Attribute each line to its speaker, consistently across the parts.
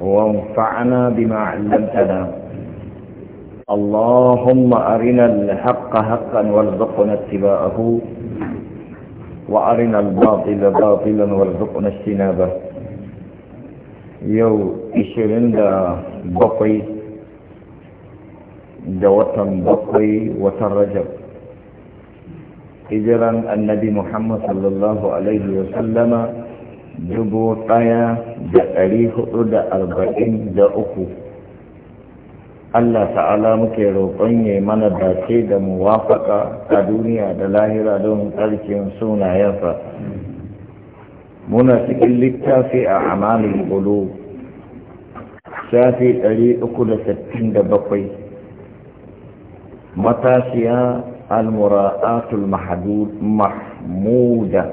Speaker 1: وانفعنا بما علمتنا اللهم أرنا الحق حقا وارزقنا اتباعه وأرنا الباطل باطلا وارزقنا اجتنابه يو إشرين دا بقي دوتا بقي وترجب إجران النبي محمد صلى الله عليه وسلم dubu ɗaya da ɗari hudu da arba'in da uku Allah ta'ala muke roƙon ya mana dace da muwafaka a duniya da lahira don ƙarshen sunayensa muna cikin littafi a amalin bulu shafi ɗari uku da sittin da bakwai matashiya al-mura'atul mahmuda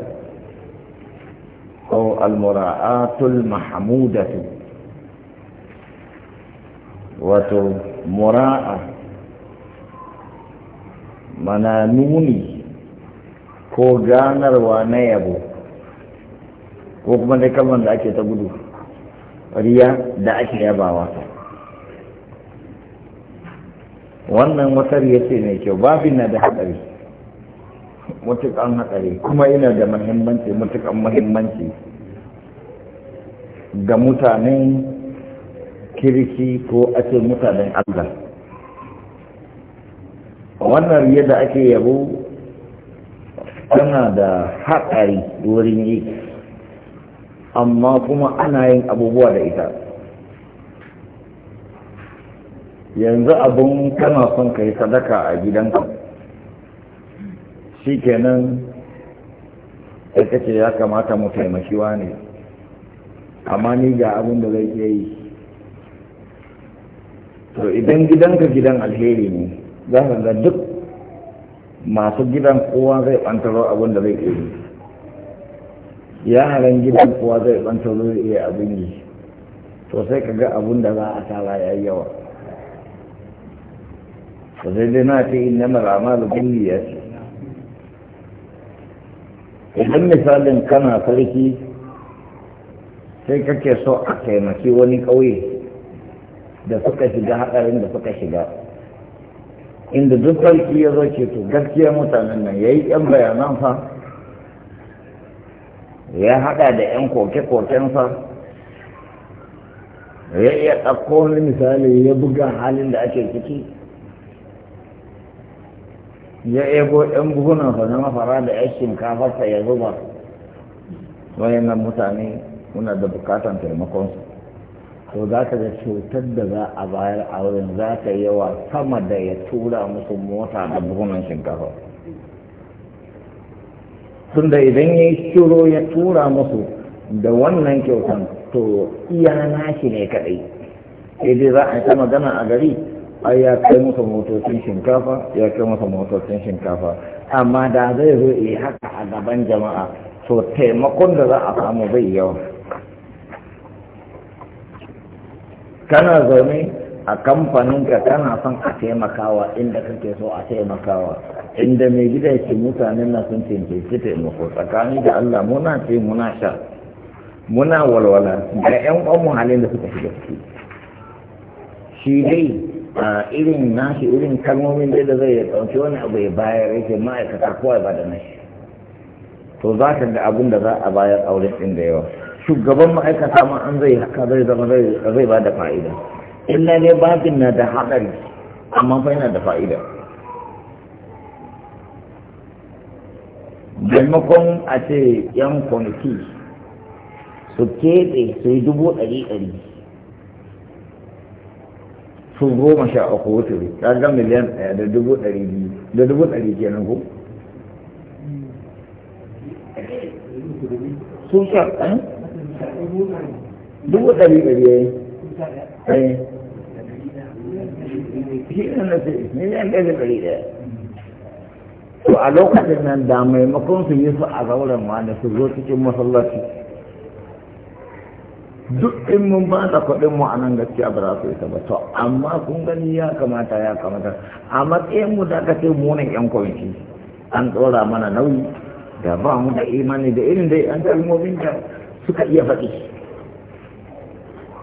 Speaker 1: أو المراعاة المحمودة mana nuni ko ganarwa na yabo ko kuma dai kalmar da ake ta gudu riya da ake yabawa wannan wata riya ce mai kyau babin na da haɗari mutukan haɗari kuma yana da mahimmanci mutukan muhimmanci ga mutanen kirki ko ake mutanen Allah wannan yadda ake yabo tana da haɗari wurin yi amma kuma ana yin abubuwa da ita yanzu abun kana son ka yi sadaka a gidanka shi kenan sai ya kamata mu taimaki ne amma ni ga abin da zai iya yi to idan gidanka gidan alheri ne za ka ga duk masu gidan kowa zai ɓantaro abin da zai iya yi halin gidan kowa zai ɓantaro zai iya abin yi to sai ka ga abin da za a tara ya yawa to sai dai na ce in na marama da billiyar idan misalin kana sarki sai kake so a taimaki wani ƙauye da suka shiga haɗarin da suka shiga inda duk sarki ya zo ceto to gaskiya mutanen nan ya yi ƴan bayanan ya haɗa da ƴan koke-koken fa ya iya ɗauko wani misali ya buga halin da ake ciki ya ego ɗan buhunansa na mafara da ya shinkafarsa ya zuba wayannan mutane muna da bukatan taimakonsu to za ka ga cutar da za a bayar a wurin za yi yawa sama da ya tura musu mota da buhunan shinkafa tunda idan ya shiro ya tura musu da wannan kyautan to iya nashi ne kaɗai idan za a ta magana a gari ai ya kai masa motocin shinkafa ya kai masa motocin shinkafa amma da zai zo yi haka a gaban jama'a to taimakon da za a samu bai yawa kana zaune a kamfaninka kana son a taimakawa inda kake so a taimakawa inda mai gida ke mutanen na sun taimakon taimako tsakani da Allah muna ce muna sha muna walwala ga 'yan halin da suka shiga ciki shi dai a irin nashi irin kalmomin dai da zai ɗauki wani abu ya bayar yake ma'aikata kowa ba da nashi to za ka ga abun da za a bayar aure din da yawa shugaban ma'aikata ma an zai haka zai zama zai ba da fa'ida illa dai babin na da haɗari amma fa yana da fa'ida maimakon a ce yan kwanaki su keɓe su yi dubu ɗari ɗari sun goma sha uku wuturi ga miliyan ɗaya da dubu ɗari biyu da dubu ɗari nan ku
Speaker 2: sun sa eh?
Speaker 1: dubu ɗari ɗari eh? eh. ya yi miliyan ɗaya da ɗari ɗaya to a lokacin nan da maimakon su yi su a zauren wani su zo cikin masallaci duk in mun ba da kuɗin mu a nan gaskiya ba za su isa ba to amma kun gani ya kamata ya kamata a matsayin mu da aka ce mu yan kwamiti an tsora mana nauyi da ba mu da imani da irin dai an kalmomin da suka iya faɗi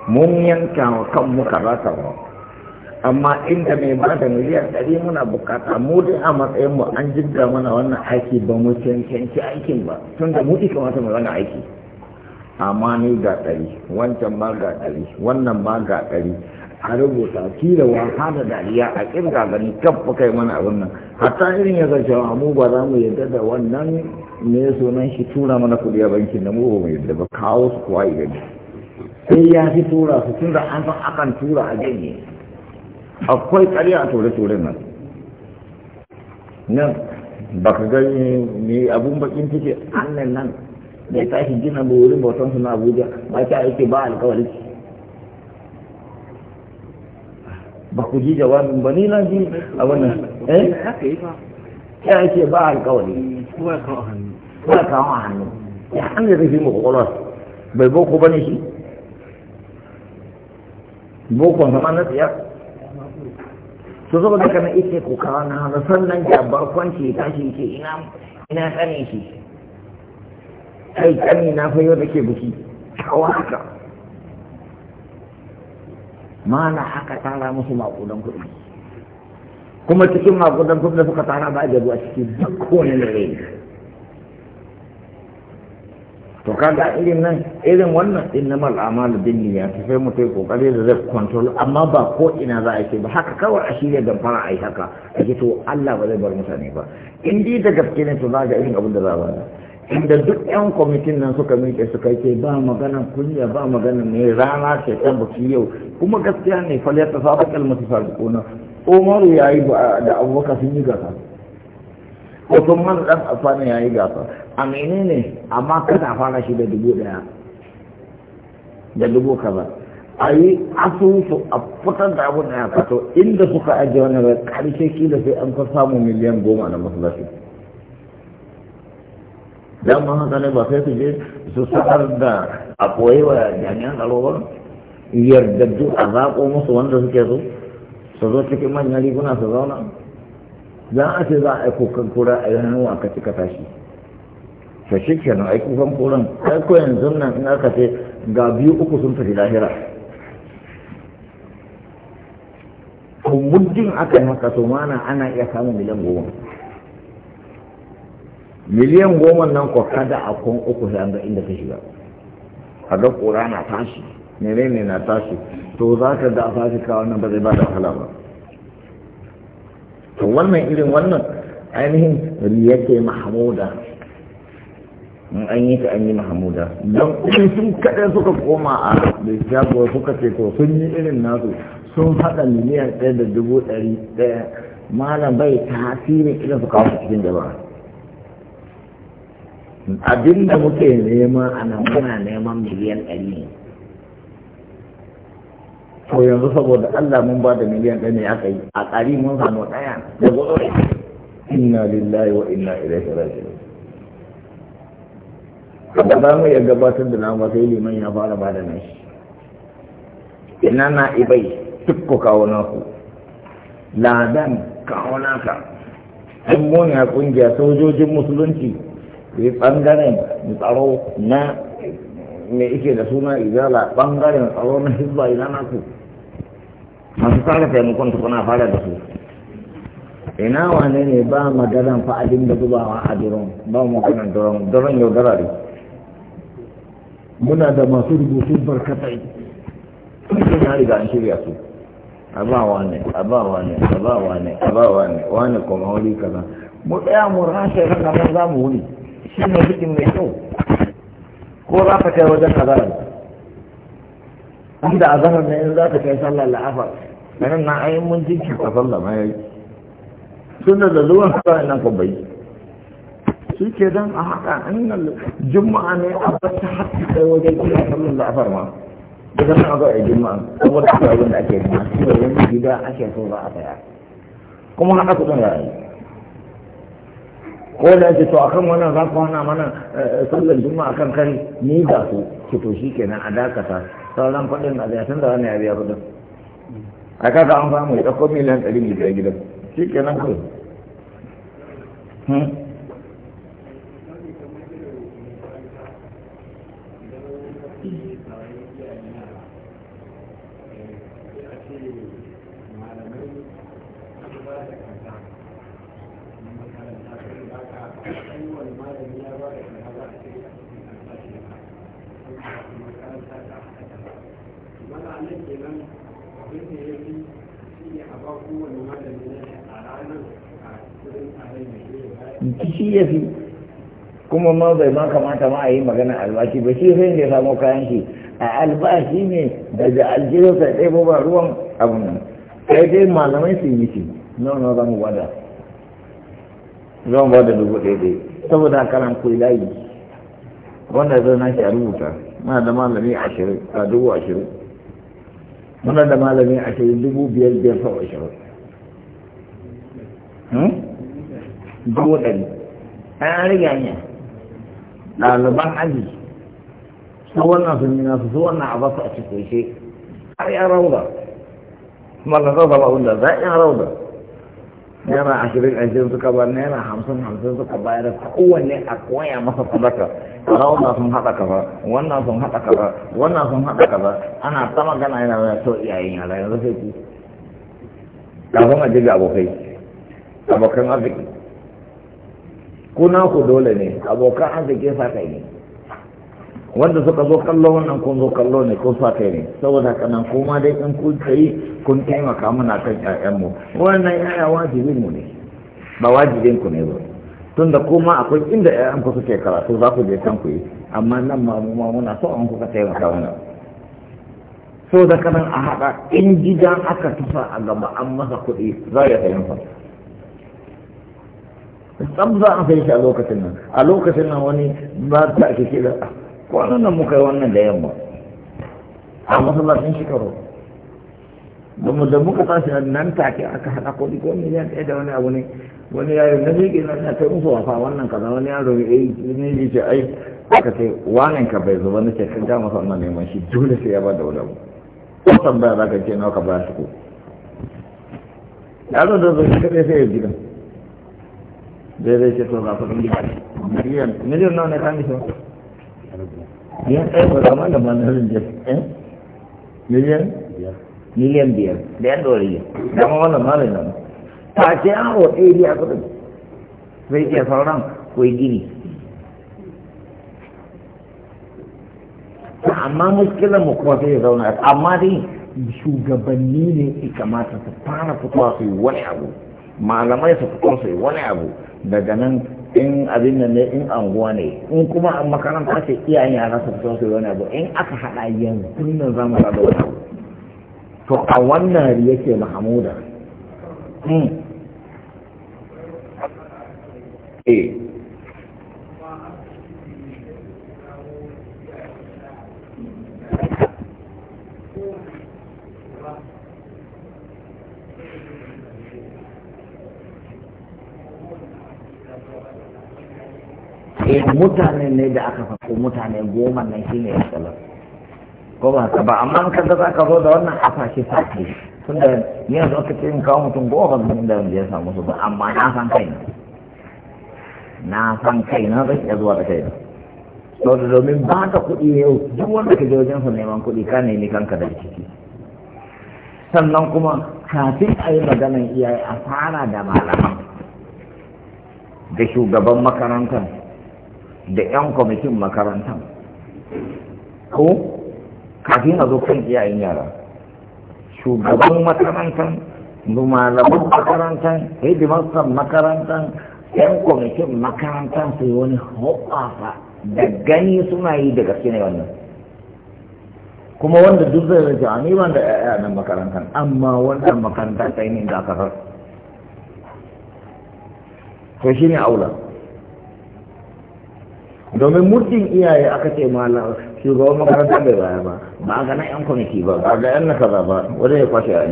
Speaker 1: mun yanka wa kanmu kaza kaza amma inda mai ba da miliyan ɗari muna bukata mu da a matsayin mu an jidda mana wannan aiki ba mu cancanci aikin ba tunda mu ika mata mu zana aiki amma ni ga ɗari wancan ma ga ɗari wannan ma ga ɗari a rubuta kila da dariya a ƙirga gani kafa kai mana abin nan hatta irin ya zai wa mu ba za mu yadda da wannan ne sunan shi tura mana kudi a bankin da mu ba mu yadda ba kawo su kuwa yi gani sai ya fi tura su tun da an san akan tura a gani akwai ƙarya a ture-ture nan nan ba ka gani ne abun bakin take annan nan da ya tashi gina wurin bautan su na abuja ba ta aiki ba alkawari ba ku ji jawabin ba ni na ji a wannan eh
Speaker 2: ya yake
Speaker 1: ba alkawari ba kawo hannu ya hannu da fi mu kwakwalwa bai boko ba ne shi boko sama na tsiyar su da kana ike kokawa na hannu sannan ya tashi ke ina ina sani shi kai kani na fa yau nake biki kawo haka mana haka tara musu maƙudan kuɗi kuma cikin maƙudan kuɗi da suka tara ba a da a ciki ba kowane rai to kaga irin nan irin wannan din na da bin niyya ta sai mutai kokari da zai kwantar amma ba ko ina za a ce ba haka kawai a shirya don fara yi haka a to Allah ba zai bar mutane ba in da gaske ne to za ga irin abin da za a bada inda duk 'yan kwamitin nan suka miƙe suka ce ba magana kunya ba magana mai rana ke ta baki yau kuma gaskiya ne faliyar ta saba da sarkona umaru ya yi da abubakar sun yi gasa usman dan afana ya yi gasa a menene amma kada fara shi da dubu daya da dubu kaza a yi asusu a fitar da abun da ya fito inda suka ajiye wani karshe shi da sai an fa samu miliyan goma na masu dan ma haka ne ba sai su je su sakar da a koyi wa jami'an tsaro ba duk a zaƙo musu wanda suke so su zo cikin manyan riguna su zauna za a ce za a yi kukan kura a yi hannu a kaci ka tashi to shi kenan ai kukan kuran kai ko yanzu nan in aka ce ga biyu uku sun tafi lahira to muddin aka yi haka to mana ana iya samun miliyan goma miliyan goma nan ko kada a kun uku sai an ga inda ka shiga a ga kura na tashi menene na tashi to za ka da a tashi kawo nan ba zai ba da wahala ba to wannan irin wannan ainihin riyake mahamuda in an yi ta an yi mahamuda don kuma sun kaɗai suka koma a da shago suka ce to sun yi irin nasu sun haɗa miliyan ɗaya da dubu ɗari ɗaya malam bai tasirin irin su kawo cikin jama'a abin da muke nema a nan muna neman miliyan ɗari ne to yanzu saboda Allah mun ba da miliyan ɗari ne aka yi a ƙari mun sano ɗaya da gudu inna lillahi wa inna ilaihi raji'un da ba mu iya gabatar da ba sai liman ya fara ba da nashi ina na ibai duk ku kawo naku ladan kawo naka in mun ya kungiya sojojin musulunci yi ɓangaren tsaro na me ike da suna izala ɓangaren tsaro na hizba ina naku masu tsara taimakon kuna fara da su ina wane ne ba maganan fa abin da zubawa a duron ba maganan duron duron yaudara ne muna da masu rubutu barkatai sun na riga an shirya su a ba wane a ba wane a ba wane a ba wane wane kuma wuri kaza mu tsaya mu rashe ran nan za mu wuni. cikin mazukin mai kyau ko za ka kai wajen azahar inda zahar na in za ka kai sallar la'afar nan na ayin mun jinkin ka sallah ma yayi sun da zuwan sallar nan ko bai shi ke dan a haka in juma'a ne a bata haƙƙi kai wajen kira sallah la'afar ma da zama a zai juma'a wata abin da ake yi ma shi da yanzu gida ake so za a tsaya kuma haka kudin ra'ayi ko da ce to akan wannan za ku hana mana eh, sallar juma'a akan kari ni da su ki to shi kenan a dakata sauran faɗin a biya tun da wani ya biya kuɗin a kaga an samu ya ɗauko miliyan ɗari mu biya gidan shi kenan kawai hmm? shi ya fi kuma ma bai ma kamata ma a yi magana albashi ba shi sai da ya samu kayan shi a albashi ne daga aljihar sai ɗaya ba ruwan abu nan sai dai malamai su yi shi na wani za mu bada za mu dubu ɗaya ɗaya saboda karan koyi layi wanda zai na shi a rubuta muna da malami ashirin a dubu ashirin muna da malami ashirin dubu biyar biyar sau ashirin hmm? dubu ɗari an rage hanya ɗaliban aji su wannan sun yi nasu su wannan a basu a cikin shi har yan rauda mallan zaba abin da za yan rauda naira ashirin ashirin suka ba naira hamsin hamsin suka bayar da kowanne a koya masa sadaka rauda sun haɗa kaza wannan sun haɗa kaza wannan sun haɗa kaza ana ta magana yana da to iyayen yara yanzu sai ku kafin a jiga abokai abokan arziki kuna ku dole ne abokan arziki sa kai ne wanda suka zo kallo wannan kun zo kallo ne kun sa kai ne saboda kanan kuma dai in kun kai kun taimaka muna kan ƴaƴanmu wannan yaya wajibin mu ne ba wajibin ku ne ba tunda kuma akwai inda ƴaƴan ku suke karatu za ku je kan ku yi amma nan ma mu ma muna so an kuka taimaka mana so da kanan a haɗa in gidan aka tufa a gaba an masa kuɗi za ya taimaka fa tsam za a sai shi a lokacin nan a lokacin nan wani ba ta ake kira kwanan nan muka yi wannan da yamma a masallacin shekaru da mu da muka tashi nan take aka hada kodi ko miliyan ɗaya da wani abu ne wani yaro na zai na na kai musu wafa wannan kaza wani yaro eh, ya yi ne ce ai aka ce wanan ka bai zuba na ce kan ga masa wannan neman shi dole sai ya ba da wani abu ko tambaya za ka ce nawa ka ba su ko yaro da zai kaɗai sai ya gidan zai ce to ne gini amma muskilar mu kuma sai ya zauna amma dai shugabanni ne ya kamata su fara fitowa su yi wani abu malamai su fito su wani abu daga nan in abin nan ne in anguwa ne in kuma a makaranta ce iyayen yara su fito su wani abu in aka haɗa yanzu nan za mu haɗa wani abu to a wannan yake mahamuda hmm.
Speaker 2: eh. E eh,
Speaker 1: mutane ne da aka fasko mutane goma nan shi ne matsalar ko ba ka ba amma ka da za ka zo da wannan a fashe fashe tun da yanzu aka ce in kawo mutum goma ba zan da ya samu su ba amma na san kai na san kai na zan iya zuwa da kai to da domin ba ka kuɗi yau duk wanda ka je wajen sa neman kuɗi ka nemi kanka da ciki sannan kuma kafin a yi maganan iyaye a fara da malaman da shugaban makarantar da 'yan kwamitin makarantar ko kafin a zo kan iyayen yara shugaban makarantar malaman makarantar hidimarsa makarantar 'yan kwamitin makarantar su yi wani hoɓafa da gani suna yi da gaske ne wannan kuma wanda duk zai rage a ni wanda da 'ya'ya nan makarantar amma wannan makaranta ta yi ne da aka to shi ne aula domin muddin iyaye aka ce malam shugaban makaranta bai baya ba ba ga yan kwamiti ba ba ga yan nakaza ba wanda ya kwashe a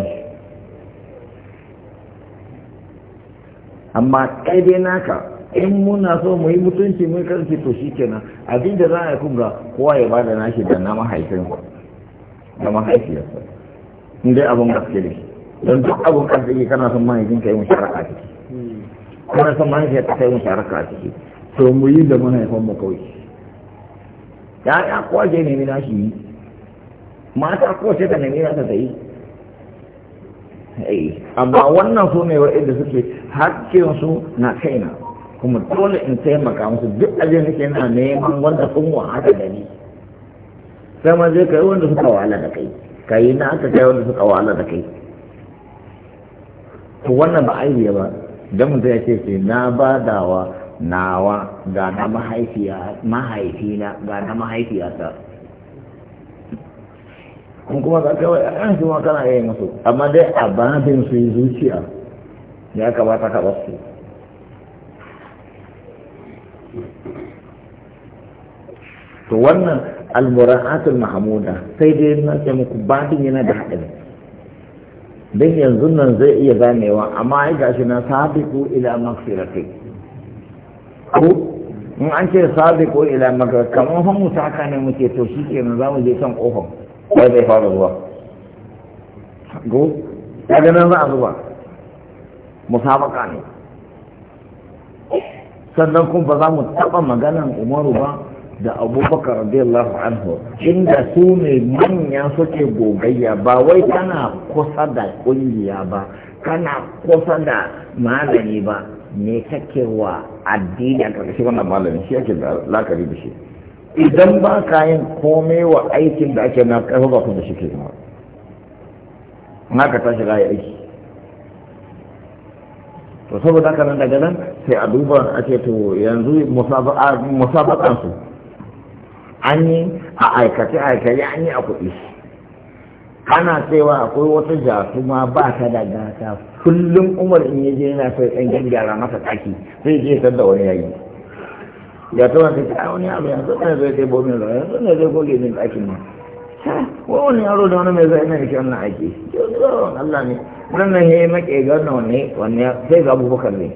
Speaker 1: amma kai dai naka in muna so mu yi mutunci mun karfi to shi kenan abin da za a yi kuma kowa ya bada nashi da na mahaifinsa da mahaifiyarsa in dai abin gaske ne don duk abin gaske kana son mahaifinka yi a ciki kana son mahaifiyarka ta a to mu yi da mahaifan mu kawai ya'ya kowa je nemi na shi yi mata kuwa ce ta nemi na ta yi amma wannan su ne wa'inda suke su na kaina kuma dole in taimaka musu duk ajiyar nake na neman wanda sun wahala da ni sai ma zai kai wanda suka wahala da kai ka yi na aka kai wanda suka wahala da kai to wannan ba aibiya ba don mutum ya ce ce na badawa nawa ga na mahaifina ga na mahaifiyata kun kuma ga kawai a yanzu kuma kana yayin musu amma dai a babin su zuciya ya kamata ka basu to wannan almura'atul mahmuda sai dai na ce muku babin yana da haɗin don yanzu nan zai iya zanewa amma ai gashi na sabiku ila magfiratik ko in an ce sabi ko ila maka kamar hannu ta haka ne muke to shi ke nan zamu je can kofar wai zai fara zuwa go kaga nan za a zuba musabaka ne sannan kuma ba za mu taɓa maganan umaru ba da abubakar radiyallahu anhu inda su ne manyan suke gogayya ba wai kana kusa da ƙungiya ba kana kusa da malami ba me kake wa addini a ƙarƙashin wannan malamin shi ake lakari da shi idan ba ka yin komai wa aikin da ake na ƙarfa ba kuma shi ke zama na ka tashi rayu aiki to saboda haka nan daga nan sai a duba a to yanzu musabakan su an yi a aikace aikace an yi a kuɗi ana cewa akwai wata kuma ba ta da gata kullum umar in yaje yana sai ɗan gaggara masa taki sai je ta da wani yayi ya ta wata ta wani abu yanzu ne zai ta bomin zai yanzu ne zai goge min ɗakin ma wani yaro da wani mai zai ina da shi wannan aiki yau Allah ne Wannan nan yayi maƙe ga wanne sai ga abubakar ne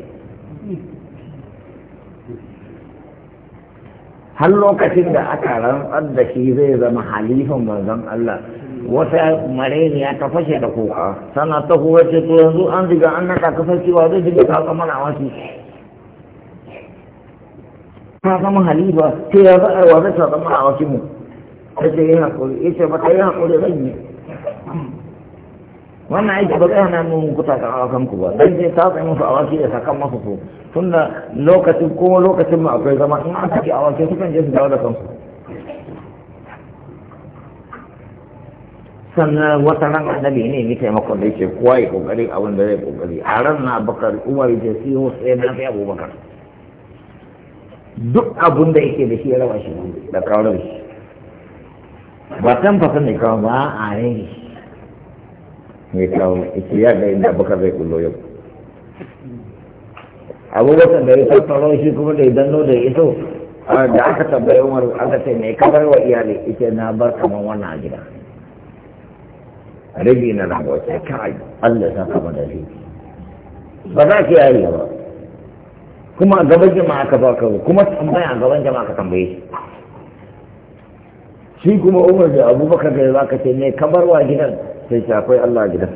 Speaker 1: har lokacin da aka rantsar da shi zai zama halifan manzon Allah wata mareniya ta fashe da kuka sana ta kuka ce to yanzu an diga an naka ka fashewa zai diga ka zama na wasu ta zama halifa ce ya za a yi wasu ta zama na wasu mu ta ce yi haƙuri ya ce mata yi haƙuri zan yi wannan aiki ba zai hana mu kuta kan awakan ku ba dan sai ta tsaye musu awaki da sakan masu so tunda lokacin ko lokacin ma akwai zama in an saki awaki sukan je su dawo da kansu sannan wata ran annabi ne mai taimakon da yake kowa ya kokari abin da zai kokari a ran na bakar umar ya ce wasu sai na fi abubakar duk abin da yake da shi ya raba shi da kawar shi ba san fasa ne kawo ba a rai mai kawo ita ya ga inda bakar zai kullo yau abubakar da ya tattaro shi kuma da idan no da ya iso da aka tambaye umar aka ce mai kabar wa iyali ita na bar kamar wannan a gida rabi na rabuwa sai kai Allah ya saka da shi ba za ki yi ba kuma a gaban jama'a ka baka kuma tambaya a gaban jama'a ka tambaye shi shi kuma umar da abubakar da za ka ce ne wa gidan sai shafai Allah gidan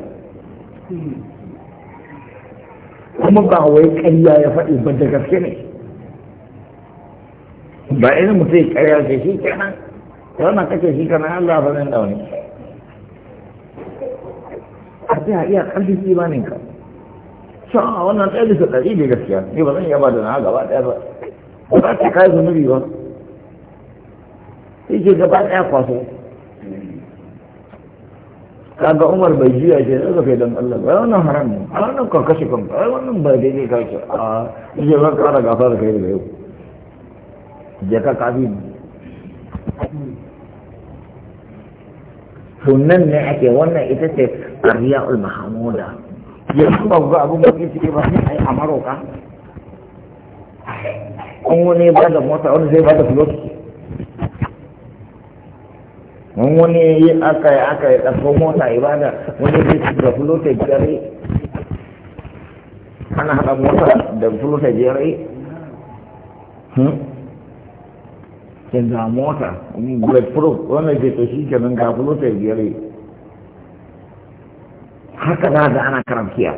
Speaker 1: kuma ba wai ƙarya ya faɗi ba da gaske ne ba irin mutum ƙarya ce shi kenan wannan kace shi kenan Allah ba zan da wani ka tsaya iya ƙarfin imanin ka shan a wannan ɗaya bisa ɗari ne gaskiya ni ba zan iya ba da na gaba ɗaya ba ba za ta kai zunubi ba sai ke gaba ɗaya kwaso kaga umar bai juya ce zai kai don Allah ba wannan haram ne a wannan kan kashe kan ai wannan ba daidai ka ce a je ban ƙara gasa da kai da yau je ka kafi sunan ne ake wannan ita ce riya'ul mahmuda yanzu ba ga abin da ciki ba sai ai a ka kun wani ba da mota wani zai ba da fulot mun wani yi aka yi aka yi ɗaukar mota ibada wani zai su da fulot ya jere ana haɗa mota da fulot hmm? ya jere kin ga mota bulletproof wannan zai to shi kenan ga fulot ya jere haka za da ana karamciya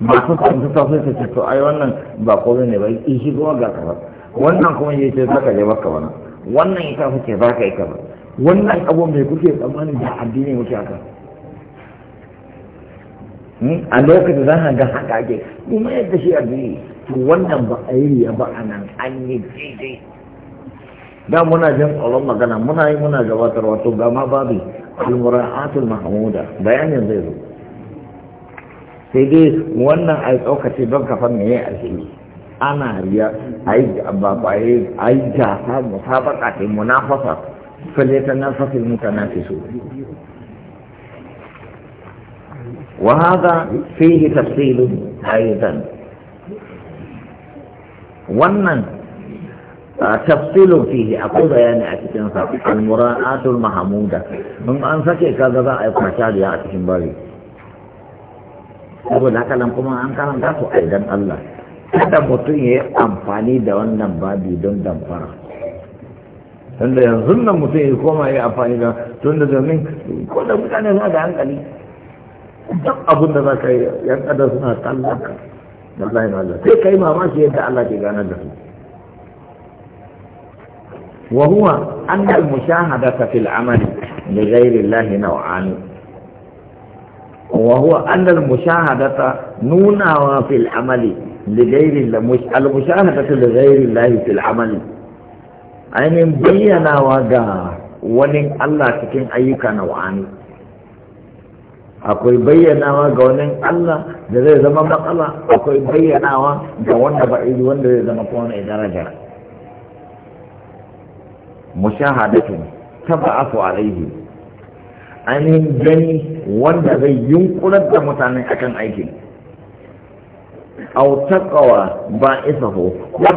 Speaker 1: masu kwanci ta sai ce to ai wannan ba komai ne ba in shi kuma ga kafa wannan kuma ya ce zaka je baka wannan wannan ita kuke za ka yi kafa wannan abu mai kuke tsammanin da addini muke haka hmm? a lokacin za a ga haka ake kuma yadda shi addini wannan ba a yi ba a nan an yi daidai da muna jin tsoron magana muna yi muna gabatarwa to ga ma babu المراعاة المحمودة بيان الغير سيديس وانا ايطوكا سيبقى فمي ايه الهي انا هي اي بابا اي اي جاسا مسابقة المنافسة فليتنافس المتنافسون وهذا فيه تفصيل ايضا وانا tafsilu fihi akwai bayani a cikin sa al-mura'atul mahmuda mun an sake kaga za a yi kwashariya a cikin bari saboda haka nan kuma an karanta su a idan Allah kada mutum ya yi amfani da wannan babi don damfara tunda yanzu nan mutum ya koma ya amfani da tunda domin ko da mutane na da hankali duk abin da za ka yi yan kada suna tallaka ka wallahi Allah sai kai mamaki yadda Allah ke ganar da su وهو أن المشاهدة في العمل لغير الله نوعان وهو أن المشاهدة نونا في العمل لغير الله المشاهدة لغير الله في العمل أي من بينا وقع ولن الله تكن أيك نوعان akwai bayyanawa ga wani Allah da zai zama matsala akwai bayyanawa ga wanda ba wanda zai zama kowane daraja mushahadatin taba'afu alaihi ainihin gani wanda zai yunkurar da mutane akan aikin au taqawa ba isa ko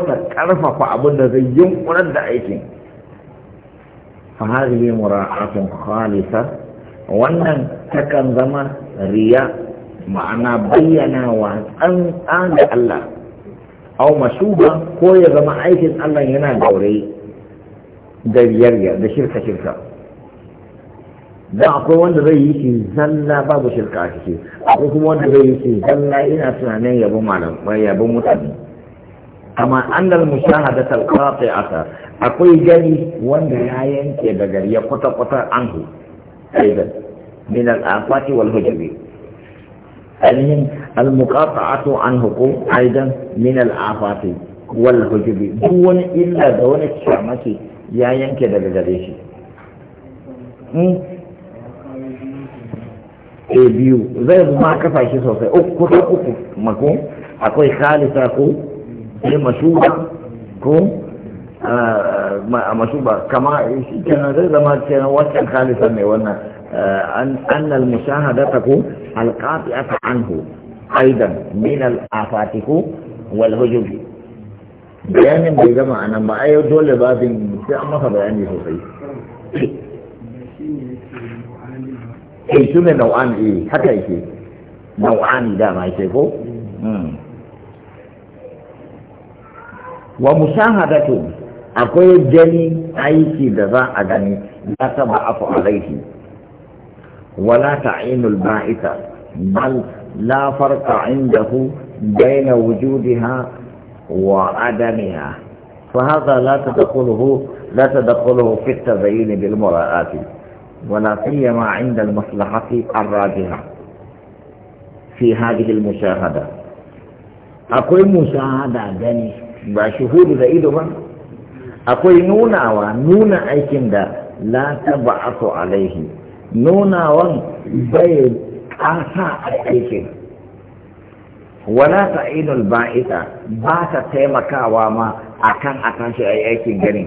Speaker 1: ta karfafa abin da zai yunkurar da aikin fa hadhihi mura'atun khalisa wannan takan zama riya ma'ana bayyana wa an da Allah au mashuba ko ya zama aikin Allah yana gaurayi da riyarya da shirka shirka da akwai wanda zai yi shi zalla babu shirka a ciki akwai kuma wanda zai yi shi zalla ina tunanin yabon mai yabon mutane amma annal mushahadatal qati'ata akwai gani wanda ya yanke da gari ya kwata-kwata anhu aida min al-afati wal hujubi ainihin al-muqata'atu anhu ko aidan min al-afati wal hujubi duk wani illa da wani kyamaki ya yanke daga gare shi hmm? a biyu zai ma kafa shi sosai uku kusan uku mako akwai khalisa ko sai mashuba ko ah, a mashuba kama shi kenan zai zama kenan wancan khalisa mai wannan ah, annal mushahadata ko a anhu aidan min al-afatiku wal hujubi bayanin bai gama a nan ba a yau dole babin sai an maka bayani sosai ke eh, shi ne nau'an e haka yake nau'ani dama yake ko hmm. wa musahadatu akwai gani aiki da za a gani la taba afu alaihi wala ta'inul ba'ita bal la farqa indahu bayna wujudiha وعدمها فهذا لا تدخله لا تدخله في التزيين بالمراءات ولا سيما عند المصلحة الراجحة في هذه المشاهدة أقول مشاهدة جني بشهود بعيد أقول نونا ونونا أيكن لا تبعث عليه نونا وان بيد أنسى أيكن wala ta'inul ba'ita ba ta taimakawa ma akan a shi a aikin gani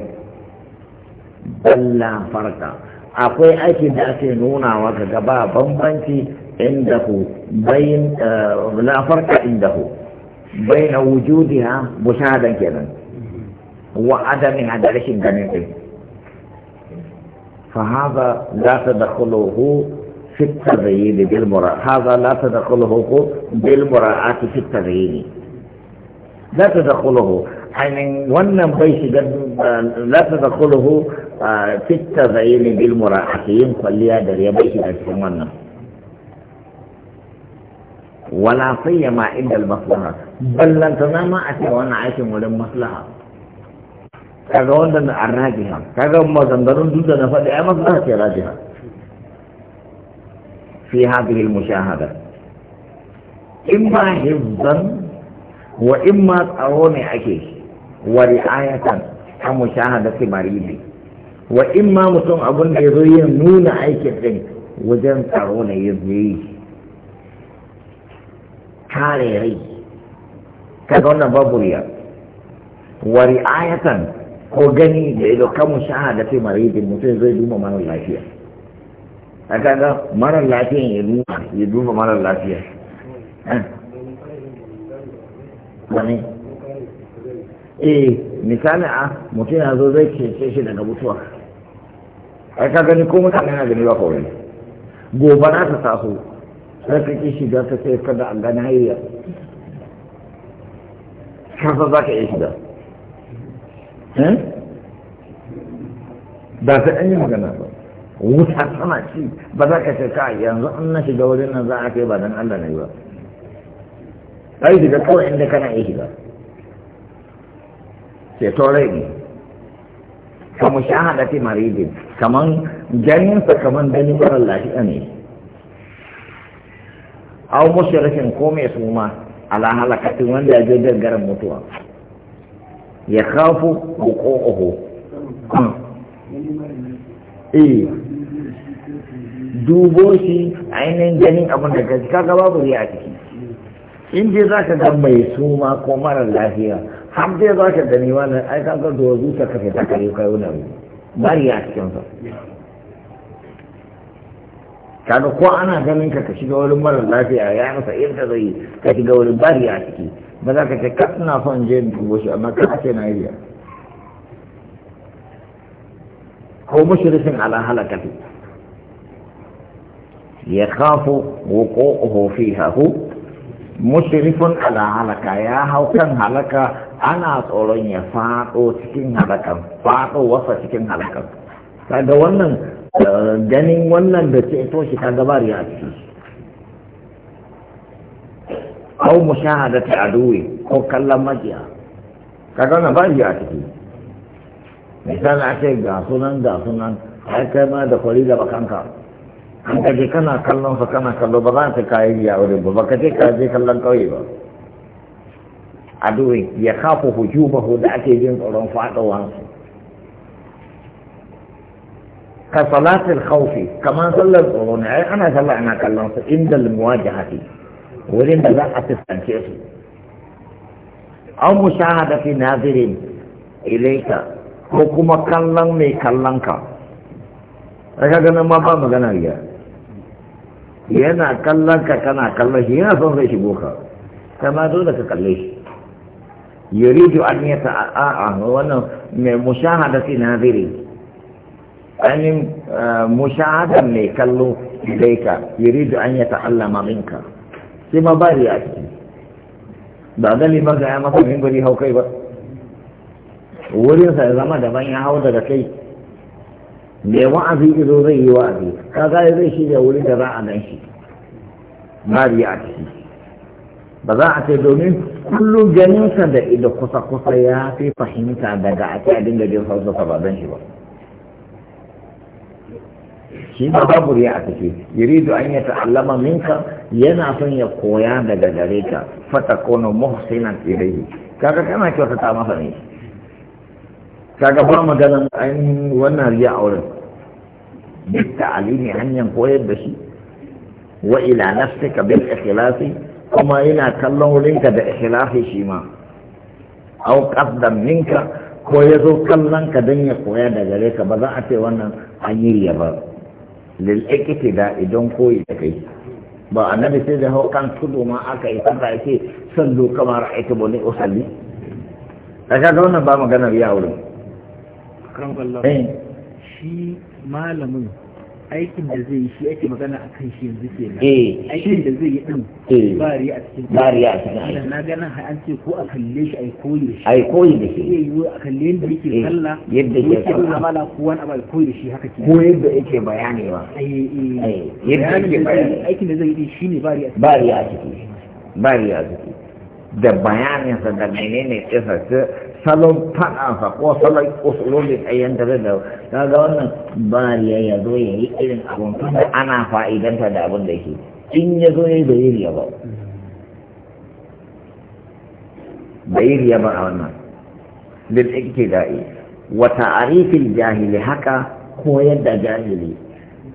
Speaker 1: balla farka akwai aikin da ake nuna wa ga ba bambanci ku bayin eh, la farka ku baina wujudiha mushahadan kenan wa adami da rashin ganin din fa hada la tadkhuluhu في التدين بالمراء هذا لا تدخله بالمراءة في التدين لا تدخله يعني ونم بيش قد لا تدخله آه، في التدين بالمراءة يمكن لي أدري بيش ولا سيما عند المصلحة بل لن تنام أتي وأنا عايش ولم مصلحة كذا وندن الراجحة كذا وما تندرون دون نفسي أي مصلحة راجحة في هذه المشاهدة إما حفظا وإما أرون أكيد ورعاية كمشاهدة مريضي وإما مصنع أبن إضوية نون أكيد وجن أرون إضوية كاريري كدون بابوريا ورعاية وجني إذا كمشاهدة مريضي مصنع أبن إضوية نون أكيد a kaga marar lafiyan ya duba ya duba marar lafiya
Speaker 2: eh. wani
Speaker 1: eh misali a mutum ya zo zai cece shi daga mutuwa A ka gani ko mutane na gani ba kawai na ta taso sai ka ki shiga ka sai kada a gani hayya kasa za ka iya shiga eh? da sai an yi magana ba wuta tana ci ba za ka ce ka yanzu an na shiga wurin nan za a kai ba dan Allah na yi ba ai shiga kawai inda kana iya shiga ceto tore ne ka mu sha haɗa fi maridin kaman ganinsa kaman ganin barar lafiya ne au rashin kome su ma ala halakatin wanda ya je gangaren mutuwa ya kafu ko ko oho eh dubo shi ainihin ganin abin da gaske ga babu riya a ciki in dai za ka ga mai suma ko mara lafiya har dai za ka gani wannan ai ka ga duwa zuta ka fita kare kai wannan bari ya cikin sa kaga ko ana ganin ka ka shiga wurin mara lafiya ya in yadda zai ka shiga wurin bari a ciki ba za ka ce ka ina son je dubo shi amma ka ce na yi ko mushrikin ala halakati يخاف وقوعه فيها هو مشرف على هلكة يا هو كان هلكة أنا أقول يا فاقو cikin هلكة فاقو وصا cikin هلكة kaga wannan ganin wannan da ce to shi kaga bari a ciki au mushahadati aduwi ko kallan majiya kaga wannan bari a ciki misali a ce ga sunan ga sunan ai kai ma da kwari da bakanka an kaje kana kallon sa kana kallo ba za ka kayi ya wurin ba Ba ka je ka je kallon kauye ba aduwin ya kafa hujumahu da ake jin tsoron faɗawansu ka salatul khawfi kamar sallar tsoro ne ai ana sallar ana kallon su inda muwajahati wurin da za a fuskance su aw mushahadati nazirin ilayka ko kuma kallon mai kallon ka ai kaga nan ma ba magana riya yana kallon ka kana kallon shi yana son zai shigo ka kai ma dole ka kalle shi yuridu an yata a'a wannan mai mushahada na nadiri ainihin eh, mushahadar mai kallo dai ka yuridu an ya ma minka sai ma bari a ciki ba gani ba ga ya masa min bari hau kai ba wurinsa ya zama daban ya hau daga kai mai wa'azi izo zai yi wa'azi kaga zai shi ne wurin da za a nan shi ba a ciki ba za a ce domin kullum ganinsa da ido kusa-kusa ya fi fahimta daga ake a dinga jin ka ba zan shi ba shi ba babu riya a ciki da an yi ta'allama minka yana son ya koya daga gare ka fata kono muhsinan ilaihi kaga kana kyautata masa ne kaga ba maganan ainihin wannan riya auren duk ta'alimi hanyar koyar da shi wa ila nafsika bil ikhlasi kuma yana kallon wurinka da ikhlasi shi ma au qaddam minka ko ya zo kallon ka dan ya koya da gare ka ba za a ce wannan an yi riya ba lil da idan koyi da kai ba annabi sai da hokan tudu ma aka yi sallah yake sallu kamar aiki bani usalli kaga wannan ba maganar riya wurin akram Allah shi malamin aikin da zai yi shi ake magana a kan shi yanzu ke nan aikin da zai yi din bari a cikin bari a cikin aikin na gana har an ce ko a kalle shi ai koyi shi ai koyi da shi zai yi a kalle yadda yake sallah yadda yake sallah mala ko wani abu koyi da shi haka ke ko yadda yake bayani ba yadda yake bayani aikin da zai yi shi ne bari a cikin bari a cikin bari a cikin da bayaninsa da menene kisa salon faɗansa ko salon a ayyantar da ta ga wannan bariya ya zo ya yi irin abun da ana fa'idanta da abin da ke in ya zo ya yi da yi ba da yi ba a wannan da tsirke da'i wata ta'arifin jahili haka koyar da jahili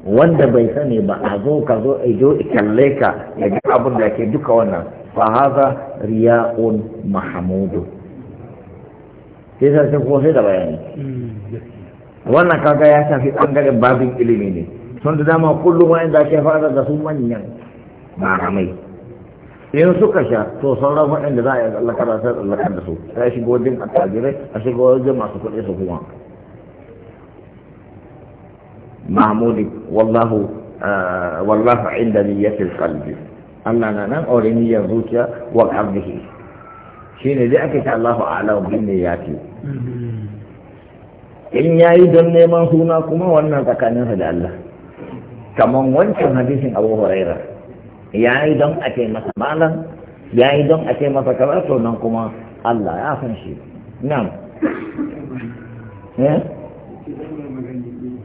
Speaker 1: wanda bai sani ba a zo ka zo a zo a kalle ka ya ji abin da ke duka wannan fa haza riya'un mahamudu sai sa sai kuma sai da bayani wannan kaga ya shafi bangaren babin ilimi ne sun da dama kullum wani da ke fara da su manyan maramai in suka sha to sauran da za a yi tsallakar da tsallakar da su sai shiga wajen attajirai a shigo wajen masu kuɗi su kuma mahmudi wallahu eh, wallahu inda niyyatil qalbi Allah na nan aure niyyar zuciya wa qalbihi shi ne zai ake ta Allahu Ala bin ne ya ce
Speaker 2: mm-hmm.
Speaker 1: in yi don neman suna kuma wannan tsakaninsa da Allah kamar wancan hadisin Abu Huraira yi don a ce masa malam ya yi don a ce masa kamar to kuma Allah ya san shi nan eh?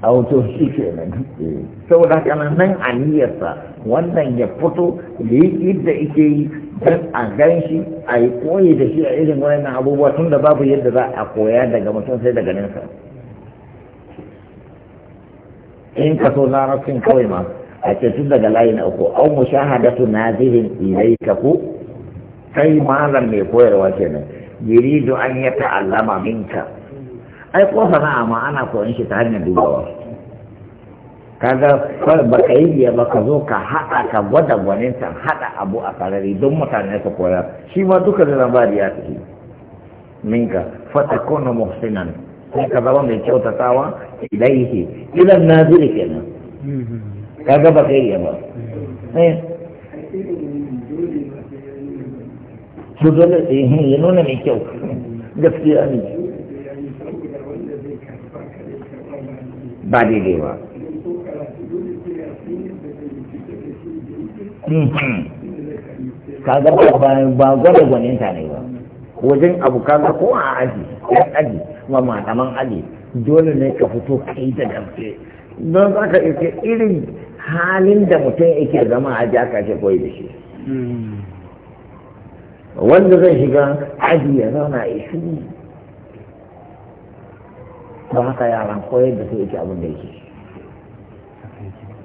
Speaker 1: a wato shi ke nan eh. saboda haka nan aniyarsa wannan ya fito da yi da ike yi don a gan shi a yi koyi da shi a irin na abubuwa tun da babu yadda za a koya daga mutum sai daga ninsa in ka so rafin kawai ma a ce tun daga layi na uku au mushahadatu nazirin ilaika ku kai malam mai koyarwa kenan yuridu an ya ta'allama minka ai ko sana'a ma ana koyon shi ta hanyar dubawa kaga ba ka yi biya ba ka zo ka haɗa ka gwada gwaninta haɗa abu a sarari don mutane ka koya shi ma duka da labari ya fi minka fata kona muhsinan sai ka zama mai kyautatawa ilaihi ilan naziri kenan kaga ba ka yi ba su dole eh, ya nuna mai kyau gaskiya ne ba daidai ba kaga ba gwada gwanin ta ne ba wajen abu kaga ko a aji ɗan aji ma mataman aji dole ne ka fito kai da gaske don za ka iske irin halin da mutum yake zama a ka ke koyi da shi wanda zai shiga aji ya zauna a shi ba haka yaran koyar da su yake abin da yake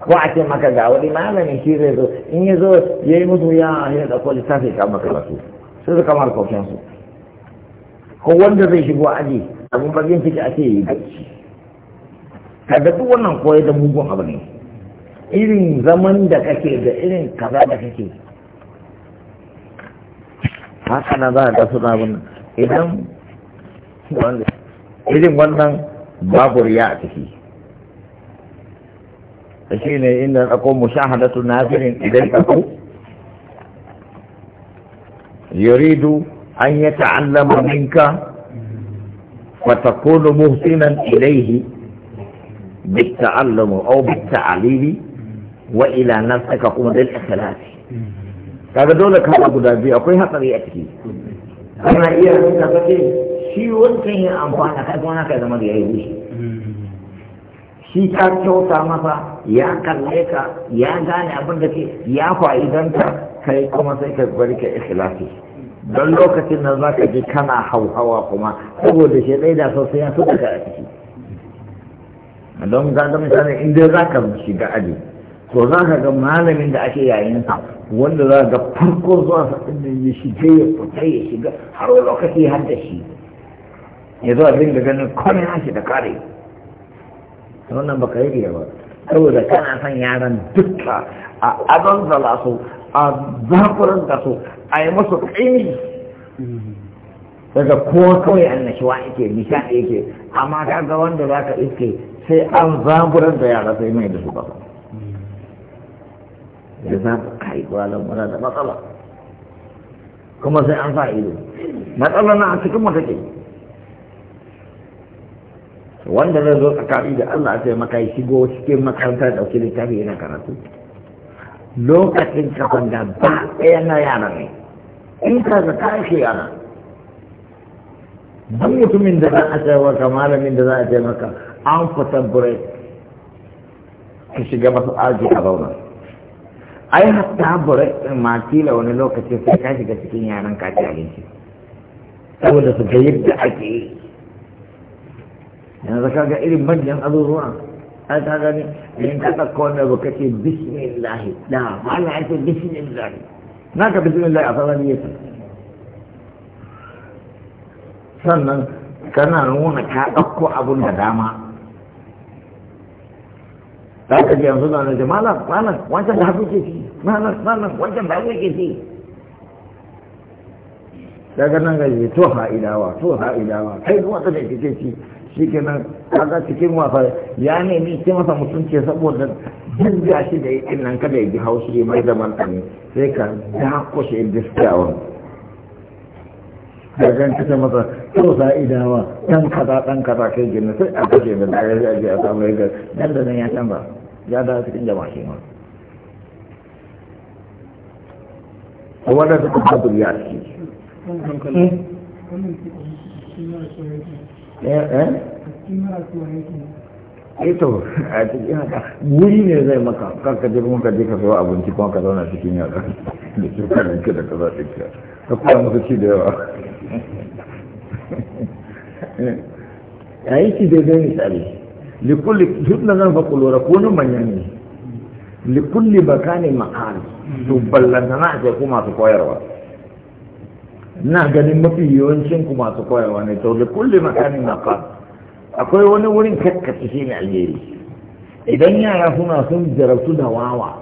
Speaker 1: ko a ce maka ga wani malami shi zai zo in ya zo ya yi musu ya ya da kwali ta sai kama karatu sai su kamar kofin su ko wanda zai shigo aji abin bakin ciki a ce ya yi gaci kaga duk wannan koyi da mugun abu ne irin zaman da kake da irin kaza da kake haka na za a ga suna abin idan irin wannan babu riya a ciki حين إن أقوم مشاهدة نافر إليك يريد أن يتعلم منك فتكون مهتما إليه بالتعلم أو بالتعليم وإلى نفسك قم للإخلاص كذا دولة كما قد أبي أقويها طريقتك أنا إيا تقول شيء ونكي أنفعنا كذا ما دي أيوه شيء تاكتو تامسا ya kalle ka ya gane abin da ke ya fa'idanta kai kuma sai ka bari ka ikhlasi don lokacin nan za ka ji kana hauhawa kuma saboda shi ɗaya da sosai ya suka ka ciki don ga da mutane in dai za ka shiga aji to za ka ga malamin da ake yayin sa wanda za ga farko zuwa sa ɗin ya shiga ya fita ya shiga har lokaci har da shi ya zo a dinga ganin komai shi da kare wannan baka yi ba saboda kana son yaran dukka a azanzala su a zafirin da su a yi masu ƙini daga kowa kawai annashuwa yake nishaɗi yake amma ka ga wanda za ka iske sai an zafirin da yara sai mai da su ƙasa da za ka kai kwalan mura da matsala kuma sai an sa ido matsala na a cikin mu take wanda zai zo tsakani da Allah sai maka ya shigo cikin makarantar dauke tafi yana karatu lokacin kafin da ba ɗaya na yara ne in ka zaka shi yana don mutumin da za a ce maka malamin da za a ce maka an fita break ka shiga masu aji a zauna ai hatta break din ma kila wani lokaci sai ka shiga cikin yaran kaci abinci
Speaker 2: saboda su ga yadda
Speaker 1: ake yi yanzu ka ga irin manyan azuzuwa an ta gani in ka ɗauka wanda ba kace bismillahi da Allah ya ce bismillahi na ka bismillahi a sanar yake sannan kana nuna ka ɗauko abun da dama za ka ji yanzu na nan malam malam wancan da hafi ke fi malam malam wancan da hafi ke fi daga nan gaji to ha'idawa to ha'idawa kai kuma ta da kike ci shi nan kaga cikin wasa ya nemi ce masa mutunci saboda jin da shi da yakin nan kada ya ji haushi mai zaman ɗani sai ka dakushe diskawan da gan kace masa to sa idawa dan kaza dan kaza kai gina sai a kashe da dare sai a a samu ga dan da nan ya canza ya da cikin jama'a shi ma wannan da kuma ya
Speaker 2: ce ito eh, eh?
Speaker 1: eh a cikin haka wuri ne zai maka karka je kuma ka je ka sayo abinci kuma ka zauna cikin yara da cutar da ke da kaza da ke ka kuma musu ci da yawa a yi ci daidai misali likulli duk da zan faku lura ko nan manya ne likulli baka ne ma'ani to ballantana ce kuma su koyarwa ina ganin mafi yawancin ku masu koyarwa ne to da kulli na fa akwai wani wurin kakkace shi ne alheri idan yara suna sun jarabtu da wawa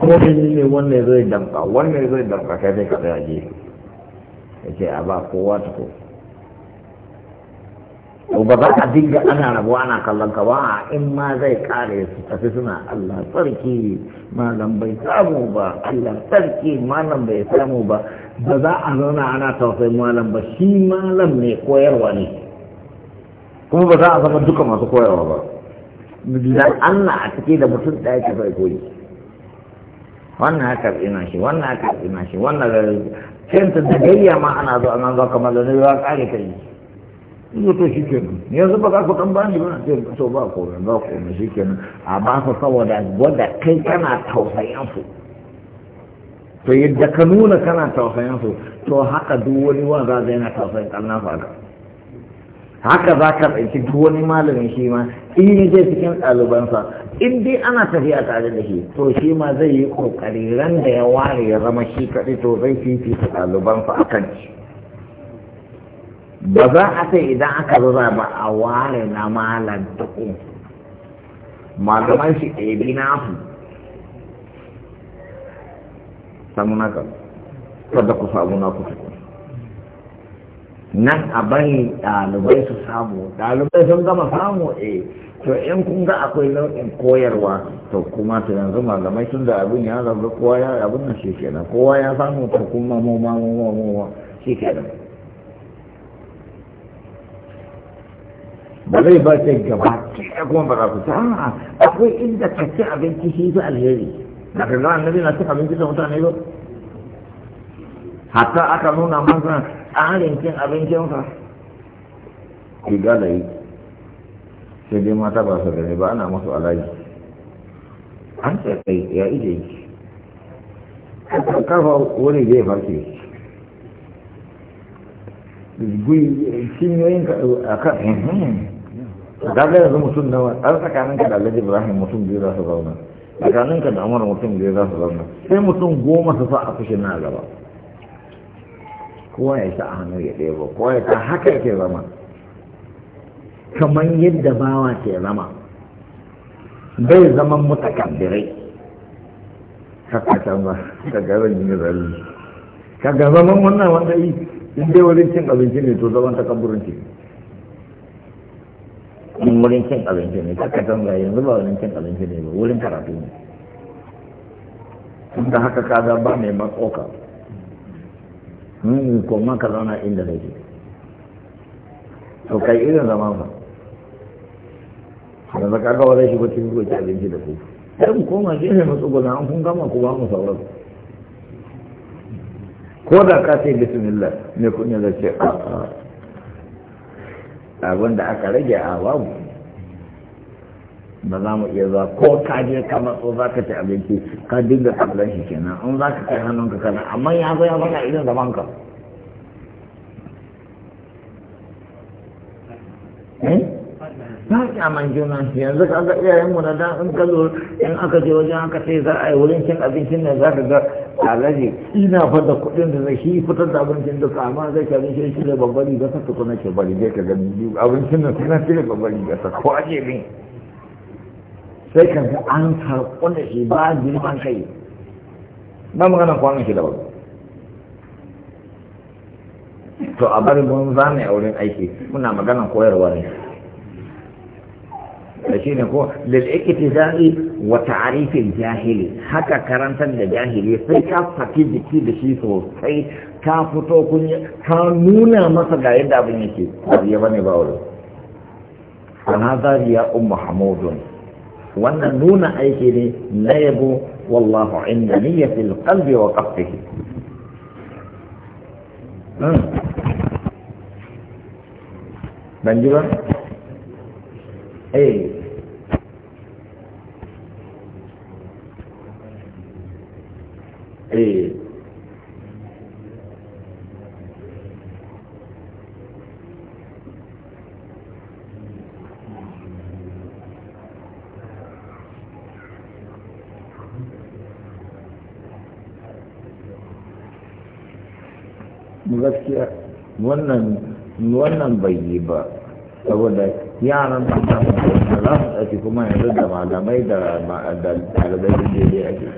Speaker 1: ko ne wannan zai damka wannan zai damka kai ne ka tsaya gefe a ba kowa ta ko ba za a dinga ana rabuwa ana kallon ka ba in ma zai kare su tafi suna Allah sarki malam bai samu ba Allah sarki malam bai samu ba ba za a zauna ana tausayi malam ba shi malam mai koyarwa ne kuma ba za a zama duka masu koyarwa ba da Allah a cike da mutum ɗaya ke sai koyi wannan haka ina shi wannan haka ina shi wannan da kenta da gayya ma ana zo ana zo kamar da ne ba kare kai iya to shi nan yanzu ba za ku dan bani ba ce to ba komai ba komai shi nan a ba ka saboda wanda kai kana tausayin su to yadda ka nuna kana tausayin su to haka duk wani wanda zai na tausayin kallon fada haka za ka tsaiki duk wani malamin shi ma in yi zai cikin ɗalibansa in dai ana tafiya tare da shi to shi ma zai yi ƙoƙari ran da ya ware ya zama shi kaɗai to zai fifita ɗalibansa a kan shi ba za a sai idan aka zuba ba a ware na malam duku. malaman shi ɗabi nasu samu na kan kada ku samu na ku tukun nan a bari dalibai su samu Dalibai sun gama samu eh. to in kun ga akwai nau'in koyarwa to kuma ta yanzu malamai sun da abin ya rabu kowa ya abin nan shi kenan kowa ya samu ta kuma mu shi kenan ba zai ba sai gaba ɗaya kuma ba za ku ta a'a akwai inda ka ci abinci shi fi alheri da ka ga annabi na cin abinci da mutane ba hatta aka nuna masa tsarin cin abincinsa ki gala yi sai dai mata ba su gani ba ana masu alayi. an ce kai ya ije yi kafa wuri zai farke gwi cinyoyin a kan eh, hmm. kaga yanzu mutum nawa an tsakaninka da alhaji ibrahim mutum biyu za su zauna tsakanin tsakaninka da amara mutum biyu za su zauna sai mutum goma su sa a fushi na gaba kowa ya sa a hannu ya ɗaya ba kowa ya sa haka yake zama kamar yadda bawa ke zama bai zama mutakabbirai kaka can ba ka garin yin zalli ka ga zaman wannan wanda yi in dai wajen cin abinci ne to zaman takabburin ce in wurin cin abinci ne kaka ga yanzu ba wurin cin abinci ne ba wurin karatu ne tun da haka kaga ba mai matsoka Mun hmm, ko ma ka zauna inda nake to kai irin zaman ba yanzu kaga ba wani shi cikin goce abinci da ku sai mu koma gefe mu tsuguna an kun gama ku ba mu sauran ko da ka ce bismillah ne kun yi zace a'a abin da aka rage a babu ba za mu iya zuwa ko ka je ka matso za ka ci abinci ka dinga kallon shi kenan in za ka kai hannunka kana amma ya zo ya baka idan zaman ka ta eh? kyaman juna yanzu ka ga iyayenmu na da in ka zo in aka je wajen aka sai za a yi wurin cin abincin nan za ka ga alhaji ina fada kuɗin da zai fitar da abincin duka amma zai kare shi shi da babbar riga ta tukuna ke bari zai ka gani abincin nan suna shi da babbar riga ta ko aje ne sai ka ga an karɓo da shi ba girman kai ba magana kwanan shi da babu to a bari mun zame a wurin aiki muna maganan koyarwa ne shine ko lil zai wa ta'arifin jahili haka karantar da jahili sai ka faki jiki da shi sosai ka fito kun ka nuna masa ga yadda abin yake ba ya bane ba wani ana zariya ummu hamudun wannan nuna aiki ne na yabo wallahu inda niyyatil qalbi wa qaffihi ban ji ba
Speaker 2: eh, eh.
Speaker 1: gaskiya wannan wannan bai yi ba saboda yaran nan da za su ɗauki kuma yanzu da malamai da ɗalibai da ake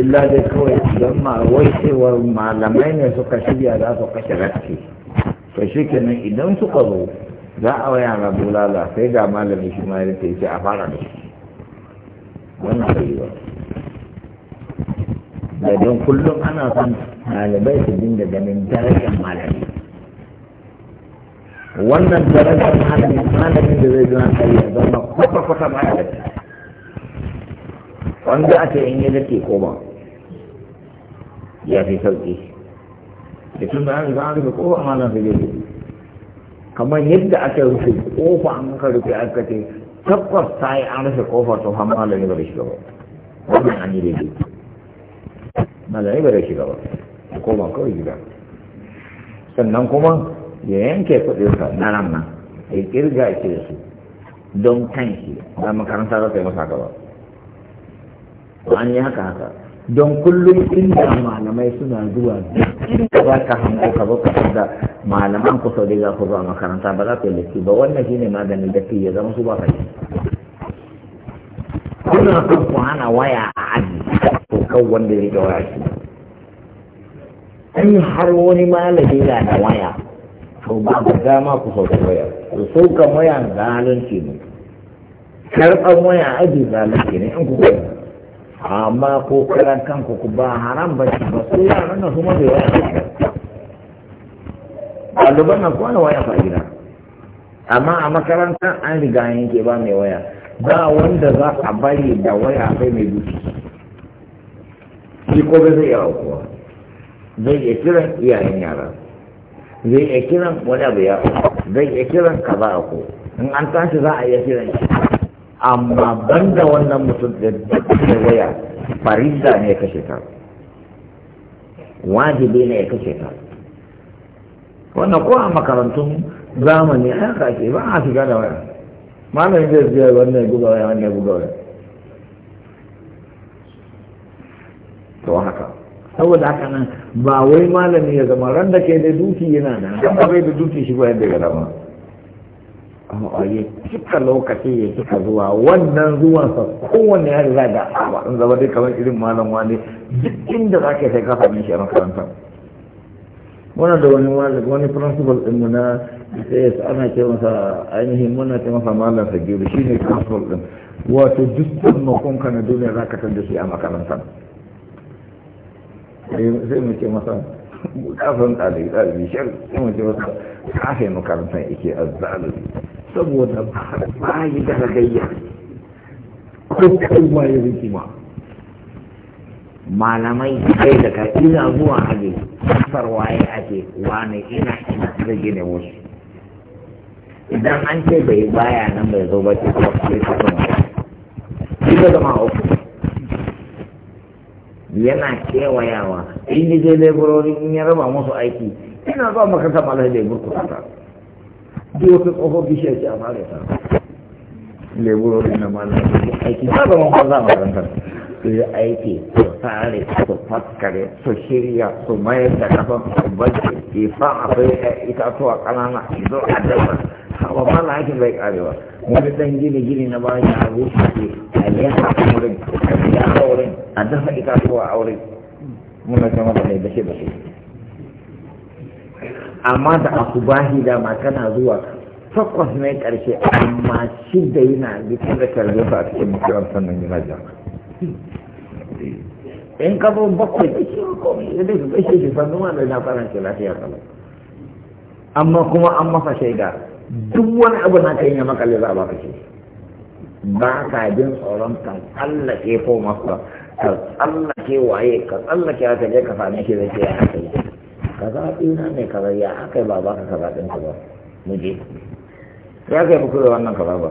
Speaker 1: illa dai kawai idan ma waicewar malamai ne suka shirya za su kashe rafi to shi kenan idan suka zo za a waya na bulala sai ga malami shi ma yadda yake a fara da shi wannan rayuwa da don kullum ana son ɗalibai su dinga ganin darajar malami wannan darajar malami malamin da zai zuwa kai ya zama kwata-kwata ba ya dace wanda a ce in yi da ke koma ya fi sauki da tun da an a rufe kofa malam yi rufe kamar yadda aka rufe kofa an ka rufe aka ce tabbas ta yi an rufe kofa to fa malami ba da shiga ba wannan an yi da malami ba da shiga ba Da koma kawai gida sannan kuma ya yanke kuɗinsa na ran nan ƙirga kirga ke su don kanki ba makaranta za ta yi masa gaba an yi haka haka don kullum inda malamai suna zuwa inda ba ka hango ka ba ka da malaman ku sau za ku zuwa makaranta ba za ku yi ba wannan shine maganin da ya zama su ba ka yi kuna son ku hana waya a aji ko kan wanda ya riƙe waya shi an har wani malami na da waya to ba da dama ku sauka waya to sauka waya zalunci ne karɓar waya aji zalunci ne in ku kai amma ko karan kanku ku ba haram ba ce ba su yaran nan su mafi waya ɗaliban nan wani waya fa gida amma a makaranta an riga yanke ba mai waya ba wanda za a bari da waya sai mai duki shi ko zai iya aukuwa zai iya kiran iyayen yara zai iya kiran wani abu ya zai iya kiran ka za a ko in an tashi za a iya kiran shi amma banda wannan mutum da da waya farida ne ya kashe ta wajibi ne ya kashe ta wannan ko a makarantun zamani a yaka ake ba a shiga da waya malamin zai biya wannan guga waya wannan guga waya to haka saboda haka nan ba wai malami ya zama ran da ke da duki yana nan dan ba bai da duki shi ba yadda ga dama a yi cika lokaci ya cika zuwa wannan zuwan sa kowanne ya riga da a in zama dai kamar irin malam wani duk inda za ka sai ka sami shi a makarantar muna da wani malam wani principal din mu na sai ana ce masa ainihin muna ce masa malam sagiru shine principal din wato duk taimakon ka na duniya za ka tada shi a makarantar sai mu ce masa kafin ɗalibi ɗalibi shar sai mu ce masa kafe makarantar yake azzalumi saboda ba yi da ragayya ko kai ma ya rike ma malamai kai da ka ina zuwa aji kasar waye ake wani ina ina rage gina wasu idan an ce bai baya nan bai zo ba ce kuma kai ta kuma ina da ma'a yana kewayawa in yi je laborori in ya raba musu aiki ina zuwa makaranta ba zai lebur kuɗa ta biyu ka tsoho bishiyar ce a fara ta laborori na ma na aiki ba zama a makarantar su yi aiki su tsare su faskare su shirya su mayar da kafan su baje ifa akwai itatuwa kanana, izo a dabar hawa mana aikin bai karewa wani dan gini gini na bayan ya rushe ya auren ya auren a dafa itatuwa auren muna kama da mai bashe bashe amma da asubahi dama kana zuwa takwas ne karshe amma shida yana bikin da karbe a cikin mutuwar sannan yana jan in ka zo
Speaker 2: bakwai da shi
Speaker 1: ko da dai bai shi sannu ma da na faran shi lafiya kala amma kuma an masa shaida duk wani abu na kai ya makalle za a baka shi ba ka jin tsoron ka tsallake ko masa ka tsallake waye ka tsallake aka je ka same shi zai ya haka yi ka za na ne mai zai ya haka ba ba ka ka ɗin ka ba mu je ya kai fukuru wannan kaza ba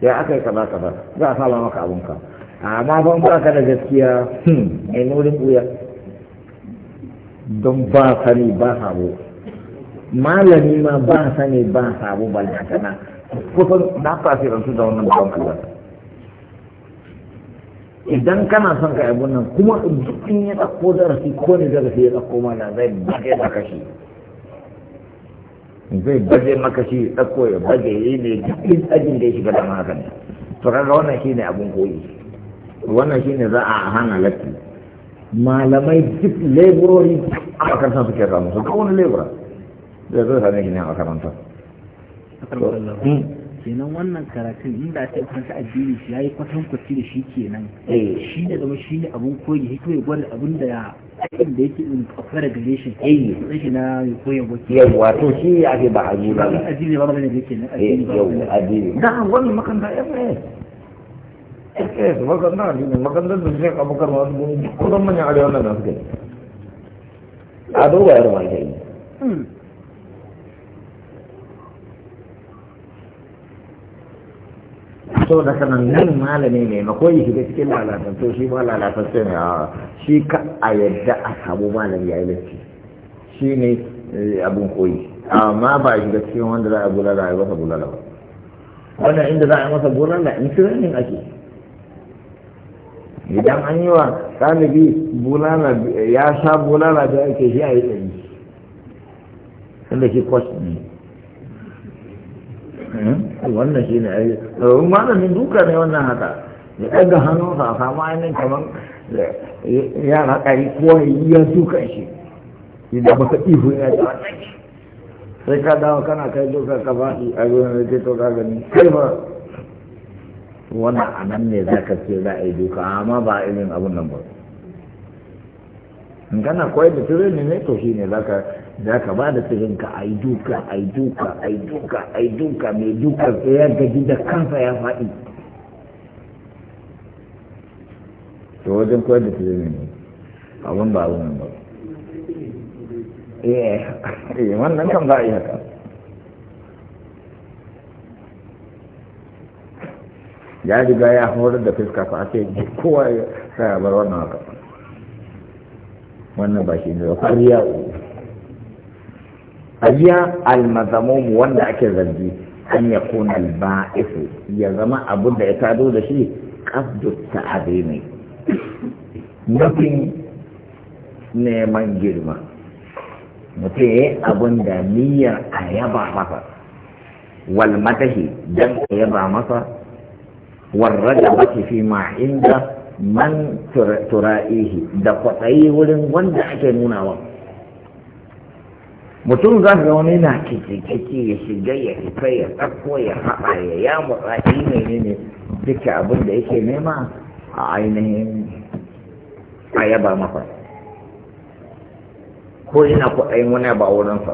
Speaker 1: ya aka yi kaza kaza za a saba maka abun ka amma ban ba ka da gaskiya hmm, mai nurin buya don ba sani ba sabo malami ma ba sani ba sabo kana kusan na tasirantu da wannan bawan Allah idan kana son ka abun nan kuma duk in ya ɗauko darasi ko ne darasi ya ɗauko mana zai baje maka shi zai baje maka shi ɗauko ya baje yi ne duk ajin da ya shiga dama haka ne to kaga wannan shine abun koyi wannan shine za a hana latti malamai duk laborori a makarantar suke samu su kawo wani labora zai zai sami shi ne a makarantar Hmm. kenan wannan karatun in inda ake kwanta addini shi yayi kwatan kwaci da shi kenan eh. shi da zama shi ne abun koyi shi koyi gwada abun da ya aikin da yake in kafa da gare shi eh shi na koyi goki yawa to shi ake ba haji ba addini ba ba da yake nan eh, addini ba yawa addini da wannan makanta ya fa eh makanta addini makanta da shi abokan wasu su gudu kullum manyan arewa nan da suke a dogayen ruwan shi hmm. sau da sanan nan malami ne makoyi shiga cikin to shi ma lalatattu sai a shi ka a yadda a samu malami ya yi laifi shi ne eh, abin koyi amma ba shi da cikin wanda za a gula a yi masa da ba inda za a yi masa da in training ake idan an yi wa ɗalibi bulala ya sha bulala da ake shi a yi ɗari da shi kwas ne wannan shi ne ayi malamin duka ne wannan haka ya ɗaga hannunsa a samu ainihin kamar eh, ya haka yi yi ya duka shi idan baka ihu ya ji sai ka dawo kana kai duka ka shi a zuwa da ke toka ka gani kai ba wannan a nan ne za ka ce za a yi duka amma ba irin abun nan ba in kana koyar da tireni ne to shi ne za ka za ka ba da tsirinka a yi duka a yi duka a yi duka a yi duka mai duka ya gaji da kansa ya faɗi to wajen koyar da tsirin ne abin ba abin ba eh, eh wannan kan ba a yi haka ya riga ya horar da fuska fa sai kowa ya bar wannan haka wannan ba shi ne ba ƙarya ayya almazamum wanda ake zargi an ya kuna alba'isu ya zama abun da ya tado da shi kasdu ta'abi ne nufin neman girma mutum ya yi abun da niyyar a yaba masa wal matahi dan a yaba masa warraga baki fi ma inda man tura'ihi da kwaɗayi wurin wanda ake nunawa. mutum za ka ga wani na kike ya shiga ya fita ya tsakko ya haɗa ya yamu tsaɗi ne ne duka abin da yake nema a ainihin a yaba masa ko yana kuɗayin wani ba wurinsa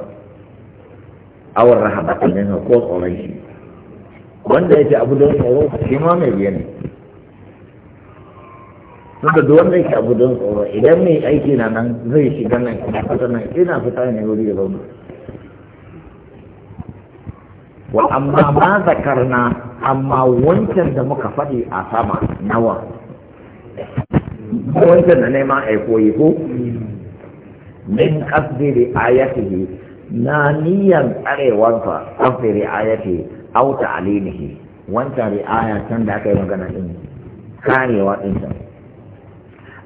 Speaker 1: awar rahabatan ne ko tsoron shi wanda ya ce abu don tsoro shi ma mai biyan ne wanda da wanda yake abu don tsoro idan mai aiki na nan zai shiga nan ina fita nan ina fita ne wuri ya zauna wa amma ma zakarna amma wancan da muka faɗi a sama nawa wancan da neman aiko yi ko min kasdiri ayatihi na niyan tsarewansa da ayatihi auta alinihi wancan ri'aya can da aka yi magana din karewa din can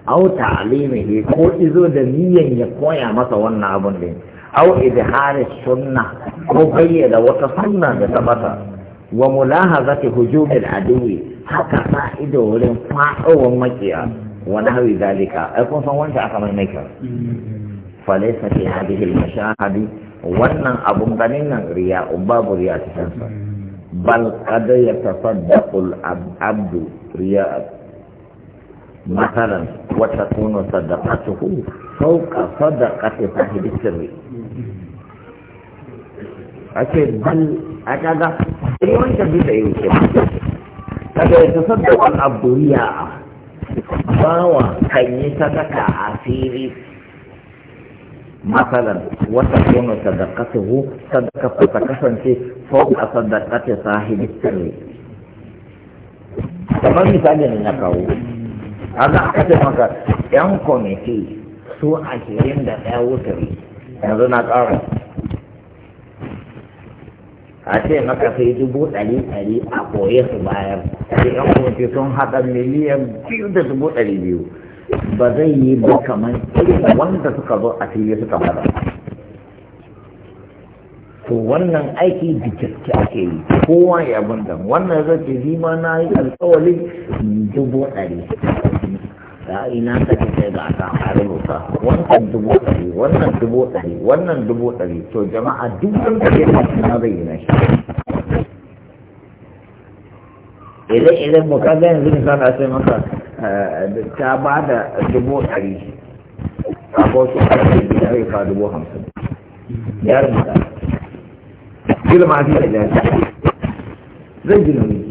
Speaker 1: au ta'limihi ko izo da niyan ya koya masa wannan abun din au idhari sunna ko bayyana wata sunna da ta mata wa mulahazati hujumil adwi
Speaker 2: haka sa
Speaker 1: ido wurin fadowan makiya wa nahwi zalika ai kun san wanda aka mai mai kyau laysa fi hadhihi al-mashahidi wannan abun ganin nan riya babu riya cikin sa bal qad yatasaddaqu al-abdu riya مثلا وتكون صدقته فوق صدقة صاحب السر أكيد بل أكاد اليوم تبدأ يوسف kada ya tasadda wal abduriya bawa kan yi sadaka a fili masalan wata kuma sadaqatuhu sadaqatu ta kasance kamar misali ne na kawo amma aka ce maka yan kwamiti su ashirin da ɗaya wutari yanzu na ƙara a ce maka sai dubu ɗari ɗari a koye su bayar sai yan kwamiti sun haɗa miliyan biyu da dubu ɗari biyu ba zai yi ba kamar wanda suka zo a fili suka fada to wannan aiki da gaske ake yi kowa ya banda wannan zai ce ma na yi alkawali dubu ɗari da ina ka ce sai ga aka rubuta wannan dubu ɗari wannan dubu ɗari wannan dubu ɗari to jama'a dukkan da ke kasu na zai yi na shi idan idan mu kaga yanzu ne sana sai maka eh, ta ba da dubu ɗari a ko su ƙarfi da ya fa dubu hamsin ya rubuta girma fi da lafiya zai ji nauyi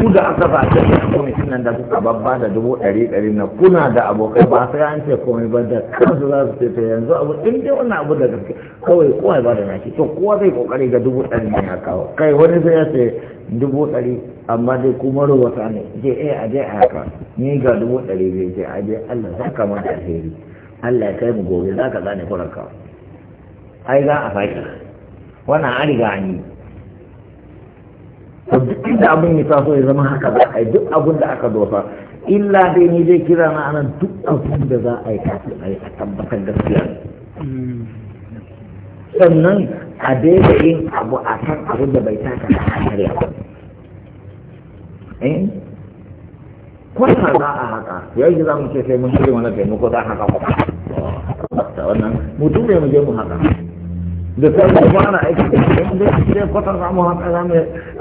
Speaker 1: ku da aka ba a da kwamitin nan da suka babba da dubu ɗari ɗari na kuna da abokai ba sai an ce komai ba da kansu za su ce ta yanzu abu in dai wannan abu da gaske kawai kowa ba da naki to kowa zai kokari ga dubu ɗari ne ya kawo kai wani sai ya ce dubu ɗari amma dai kuma rubuta ne je eh a je a haka ni ga dubu ɗari zai je a je Allah za ka mata alheri Allah ya kai mu gobe za ka gane kuranka ai za a fashi wannan an riga an yi to duk da abin ya taso ya zama haka za a yi duk abin da aka dosa illa dai ni zai kira na anan duk abin da za a yi kafin a yi a tabbatar gaskiya sannan a daida yin abu a kan abin da bai taka da hankali ba eh? kwanta za a haka yau yi za mu ce sai mun shirya wani taimako za a haka kwanta wannan mutum ne mu je mu haka da kan ba na aiki a dai sai kwata samu haka za mu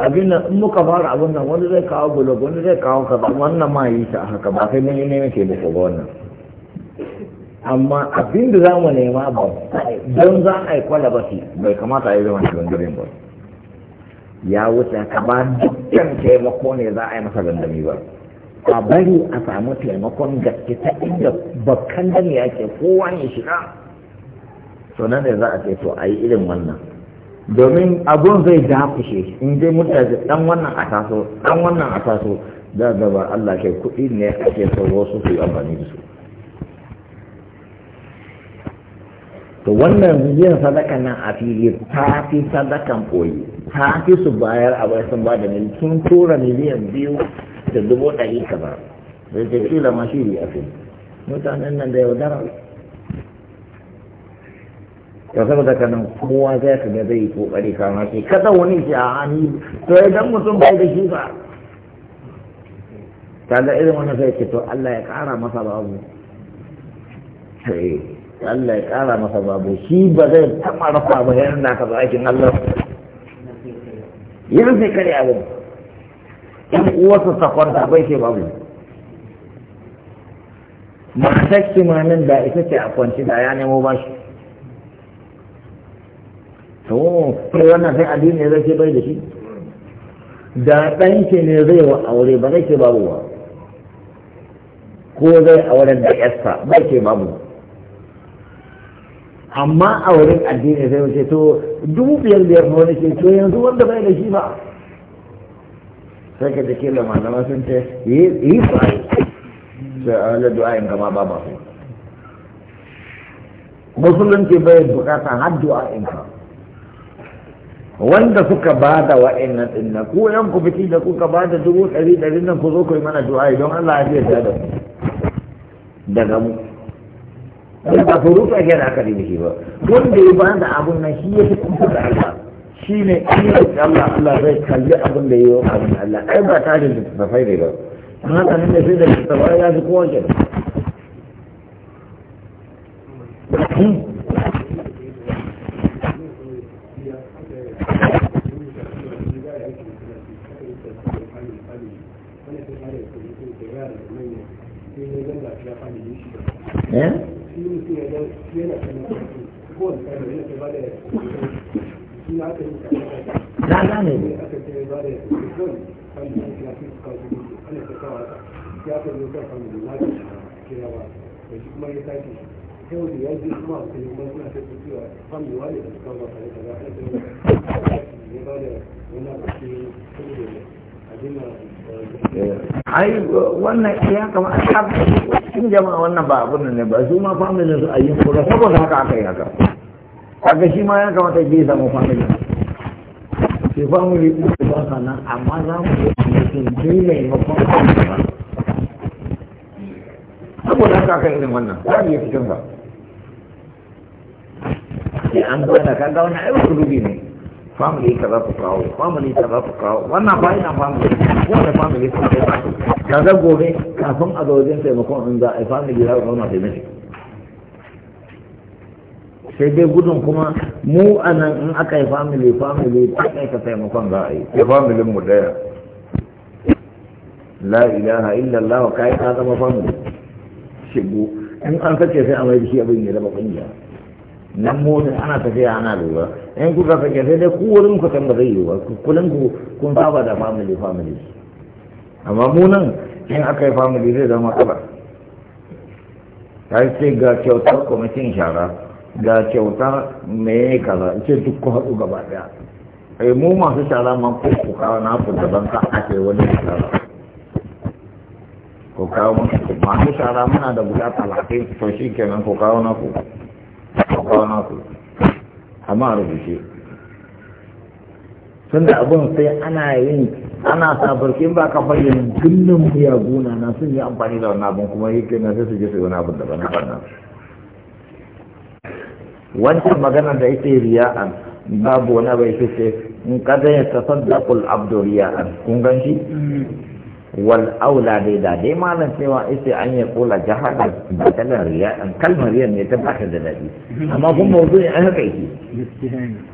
Speaker 1: abin da in muka fara abin nan wani zai kawo blog wani zai kawo kaza wannan ma yi ta haka ba kai mun yi ne nake da ba wannan amma abin da za mu nema ba don za a yi kwalabati bai kamata a yi zama wani ba ya wuce ka ba dukkan taimako ne za a yi masa gandami ba a bari a samu taimakon gaske ta inda bakkan da ne yake kowa ne shiga to nan ne za a ce to a yi irin wannan domin abun zai dakushe in dai mutane dan wannan a taso dan wannan a taso da gaba Allah kai kuɗi ne ake so wasu su yi amfani da su to wannan yin sadaka nan a fili ta fi sadakan koyi ta fi su bayar a bai sun bada mil sun tura miliyan biyu da dubu ɗari kaza zai ta kila ma a fili mutanen nan da yaudara to saboda da kanan kowa zai ka ga zai kokari kama shi kada wani shi a hannu to idan mutum bai da shi ba kaga irin wannan sai ce to Allah ya kara masa babu eh, Allah ya kara masa babu shi ba zai taɓa rafa ba yana da aka zo aikin Allah yanzu sai kare abu in uwarsa ta kwanta bai ce babu matar kimanin da ita ce a kwanci da ya nemo ba shi. to sai wannan sai addini ne zai ce bai da shi da ɗanki ne zai wa aure ba zai ce babu ba ko zai aure da yasta bai ce babu amma auren addini sai wace to dubu biyar biyar ne wani ce to yanzu wanda bai da shi ba sai ka take da malama sun ce yi ba sai a wani du'a in gama ba ba musulunci bai bukata har du'a in kama wanda suka ba da wa'annan ɗin nan ku yan ku fiti da kuka ba da dubu ɗari ɗari nan ku zo ku yi mana du'a don Allah ya ji da mu daga mu sai ba su rufe ake da akali shi ba wanda ya ba da abun nan shi ya fi kuma da Allah shi ne in ya ce Allah Allah zai kalli abun da ya yi wa abun Allah ai ba ta da tafai ne ba. Mata nan da sai da tafai ya fi kowa kenan.
Speaker 2: Rárá ni. Thank you.
Speaker 1: ai wannan ya kama a cikin jama'a wannan ba abin ne ba su ma familin su a yi kura saboda haka aka yi haka kaga shi ma ya kamata ya samu familin ke famili ɗin ba sa nan amma za mu yi mutum dole ya makon saboda haka aka irin wannan za mu yi cikin ba sai an gwada kaga wani aibin kulubi ne family ka za ku kawo family ka za ku kawo wannan ba ina family ko da family ka kai ba ka ga gobe kafin a zojin taimakon in za a family za ku zauna taimaki sai dai gudun kuma mu a nan in aka yi family family ta kai ka taimakon za a yi ya family mu daya la ilaha illallah wa kai ka zama family shigo in an sace sai a mai da shi abin ya zama kungiya nan mota ana tafiya ana lura in kuka fage sai dai ku wurin ku san ba zai yi ba kullum ku kun saba da family family amma mu nan in aka yi family zai zama kaba kai sai ga kyautar kwamitin shara ga kyauta mai kaza ce duk ku haɗu gaba ɗaya ai mu masu shara ma ku ku kawo na ku ban ka ce wani shara ko kawo masu shara muna da guda talatin to shi kenan ko kawo na ku amma rubuce tunda abin sai ana yin ana sa ba ka bayyana kullum ya guna na sun yi amfani da wannan abin kuma yake na sai su je su yi wani abin da bana na wancan magana da yake an babu wani bai sai in kada ya tasaddaqul abdu an kun gan shi mm. wal aula dai da dai malam cewa ita an ya kula jahada da kalan riya an kalmar riya ne ta baka da dadi amma kun mawdu'i an haka yake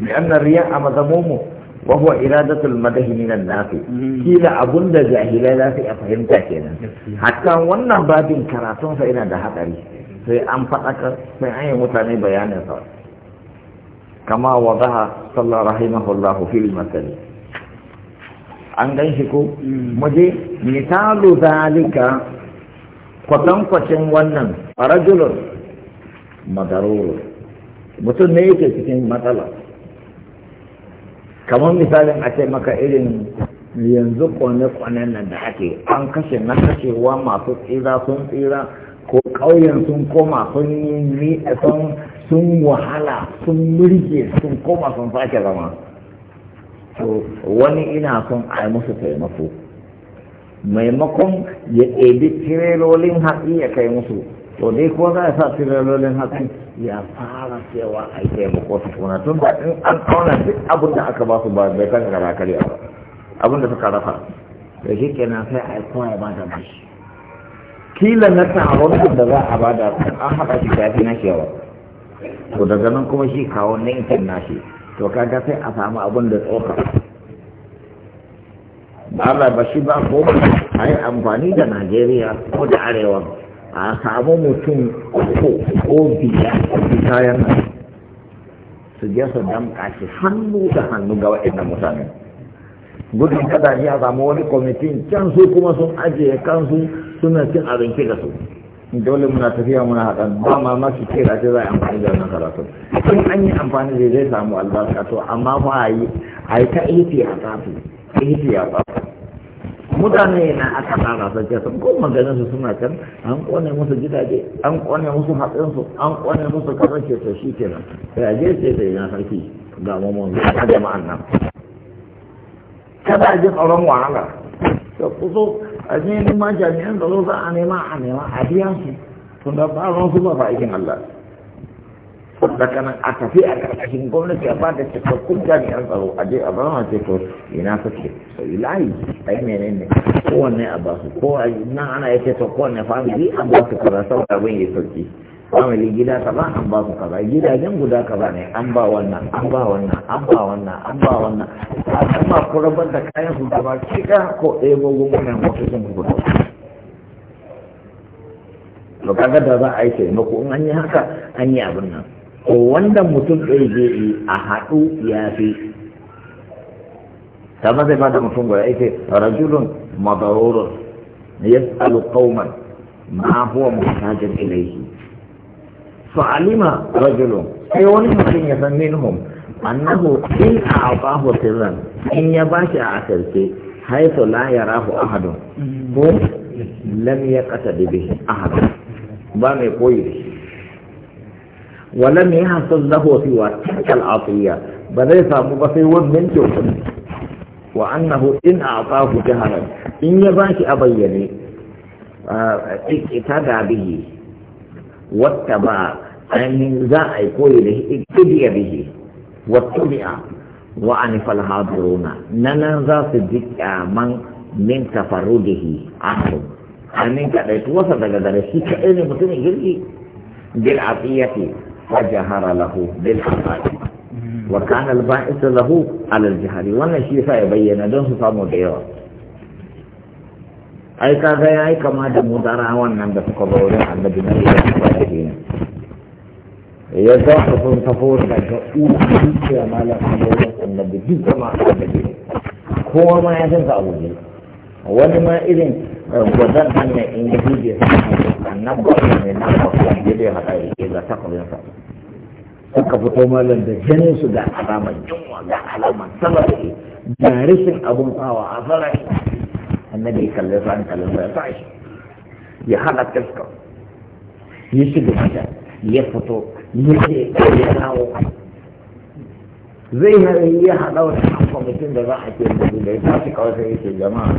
Speaker 1: bi anna riya a madamumu wa huwa iradatul madahi min an-nafi kila abunda jahilai za su fahimta kenan hatta wannan babin karatun sa yana da hadari sai an faɗakar sai an yi mutane bayanin sa kama wadaha sallallahu rahimahullahu fil masali an gan shi ko mm. je misalu zalika kwatankwacin wannan farajulun madaruru mutum ne yake cikin matsala kamar misalin a ce maka irin yanzu kone kone nan da ake an kashe na kashewa masu tsira sun tsira ko ƙauyen sun koma sun yi sun wahala sun mirge sun koma sun sake zama to wani ina son a yi musu taimako maimakon ya ɗebi tirelolin haɗi ya kai musu to dai ko za a sa tirelolin haɗi ya fara cewa a yi taimako su kuna tun da in an auna duk abin da aka ba su ba bai kan gara karya ba abin da suka rafa da shi kenan sai a yi kowa ba da kila na taron da za a ba da an haɗa shi tafi na shewa to daga nan kuma shi kawo ninkin nashi to kaga sai a samu abin da tsoka ba ba shi ba ko a yi amfani da najeriya ko da arewa a samu mutum ko ko biya kayan nan su je su damka shi hannu da hannu ga waɗannan mutane gudun kada ne a samu wani kwamitin can su kuma sun ajiye kansu suna cin abinci da su dole muna tafiya muna haɗa ba ma ma su kira ce za a amfani da wannan karatu in an yi amfani da zai samu albarka to amma fa a yi a yi ta ihti a tafi ihti a tafi mutane na aka tsara sun ce sun koma ganin su suna can an kone musu gidaje an kone musu hatsin su an kone musu kasance to shi nan sai a je sai sai na sarki ga mamman a jama'an nan kada a ji tsoron wahala da kuso a je nema jami'an tsaro za a nema a nema a biya su tun da faruwar su ba aikin Allah da kanan a tafi a karkashin gwamnati a bada cikakkun jami'an tsaro a je a bama ce to ina kake so ilahi ai menene kowanne a basu ko nan ana yake to kowanne family a basu kaza saboda abin ya sauki kawai gida kaza an ba ku kaza gidajen guda kaza ne an ba wannan an ba wannan an ba wannan an ba wannan a kan ma ku rabar da kayan su gaba kika ko ɗaya gogon wannan ofisin ku guda to kaga da za a yi taimako in an yi haka an yi abin nan ko wanda mutum ɗaya zai yi a haɗu ya fi kamar zai ba da mutum guda yake rajulun madarurun yas'alu qauman ma huwa muhtajin ilayhi fa'alima rajulun sai wani mutum ya san minhum annahu in a'tahu sirran in ya ba a asirce haythu la yarahu ahadun ko lam yaqtadi ba mai koyi da shi ولم يحصل له سوى تلك العطية بل يسام بصير من جوفن وأنه إن أعطاه جهرا إن يباش اتدى به واتبع أن يعني ذا يقول له اقتدي به واتبع وأنف فالحاضرون ننا في صدق آه، من من تفرده عنهم أمين كذا يتوسط كذا شيء كأنه مثل يجري بالعطية فجهر له بالعطاء وكان الباعث له على الجهر وانا شيء يبين دون صامو ديوه ai ka ga yayi kama da mudara wannan da suka zo wurin annabi na iya ba da ne ya ga su sun tafo da ga uku ya malam wurin annabi duk a da ne kowa ma ya san sa abu ne wani ma irin eh, gwazan hanyar in ya a nan ba ne na ba da ya haɗa ya ke ga takwabin sa suka fito malam da ganin su da alamar yunwa ga alamar sabar da rashin abun kawa a farashi النبي صلى الله عليه وسلم يا عائشه يا حاله تذكر يسجد هذا يفطو يسجد يناو زي ما هي هذا وتحفظ مثل ما راحت يسجد اللي تعطيك او يا جماعه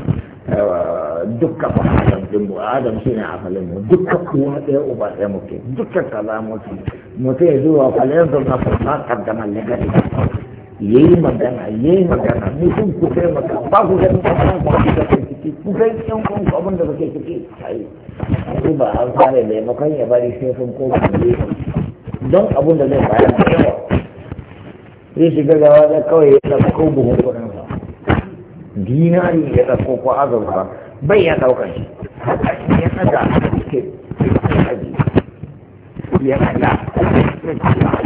Speaker 1: دكة بحاجة جنبو آدم شين عفلمو دكة قواته وبعد يمكي دكة كلامو سي متعزوه وفلين ظلنا فرصات قدما لغاية يي مدنا يي مدنا نسوم كفير مكان باقو جنبو
Speaker 2: ciki kusan yan kwanku abin da kake
Speaker 1: ciki ai su ba an kare da ya bari sai sun koma ne don abin da zai bayan da yawa sai shi gagawa da kawai ya ɗauko buhun kuɗinsa dinari ya ɗauko ko azurfa bai ya ɗaukar shi haka shi ya ɗaga a cikin ya ɗaga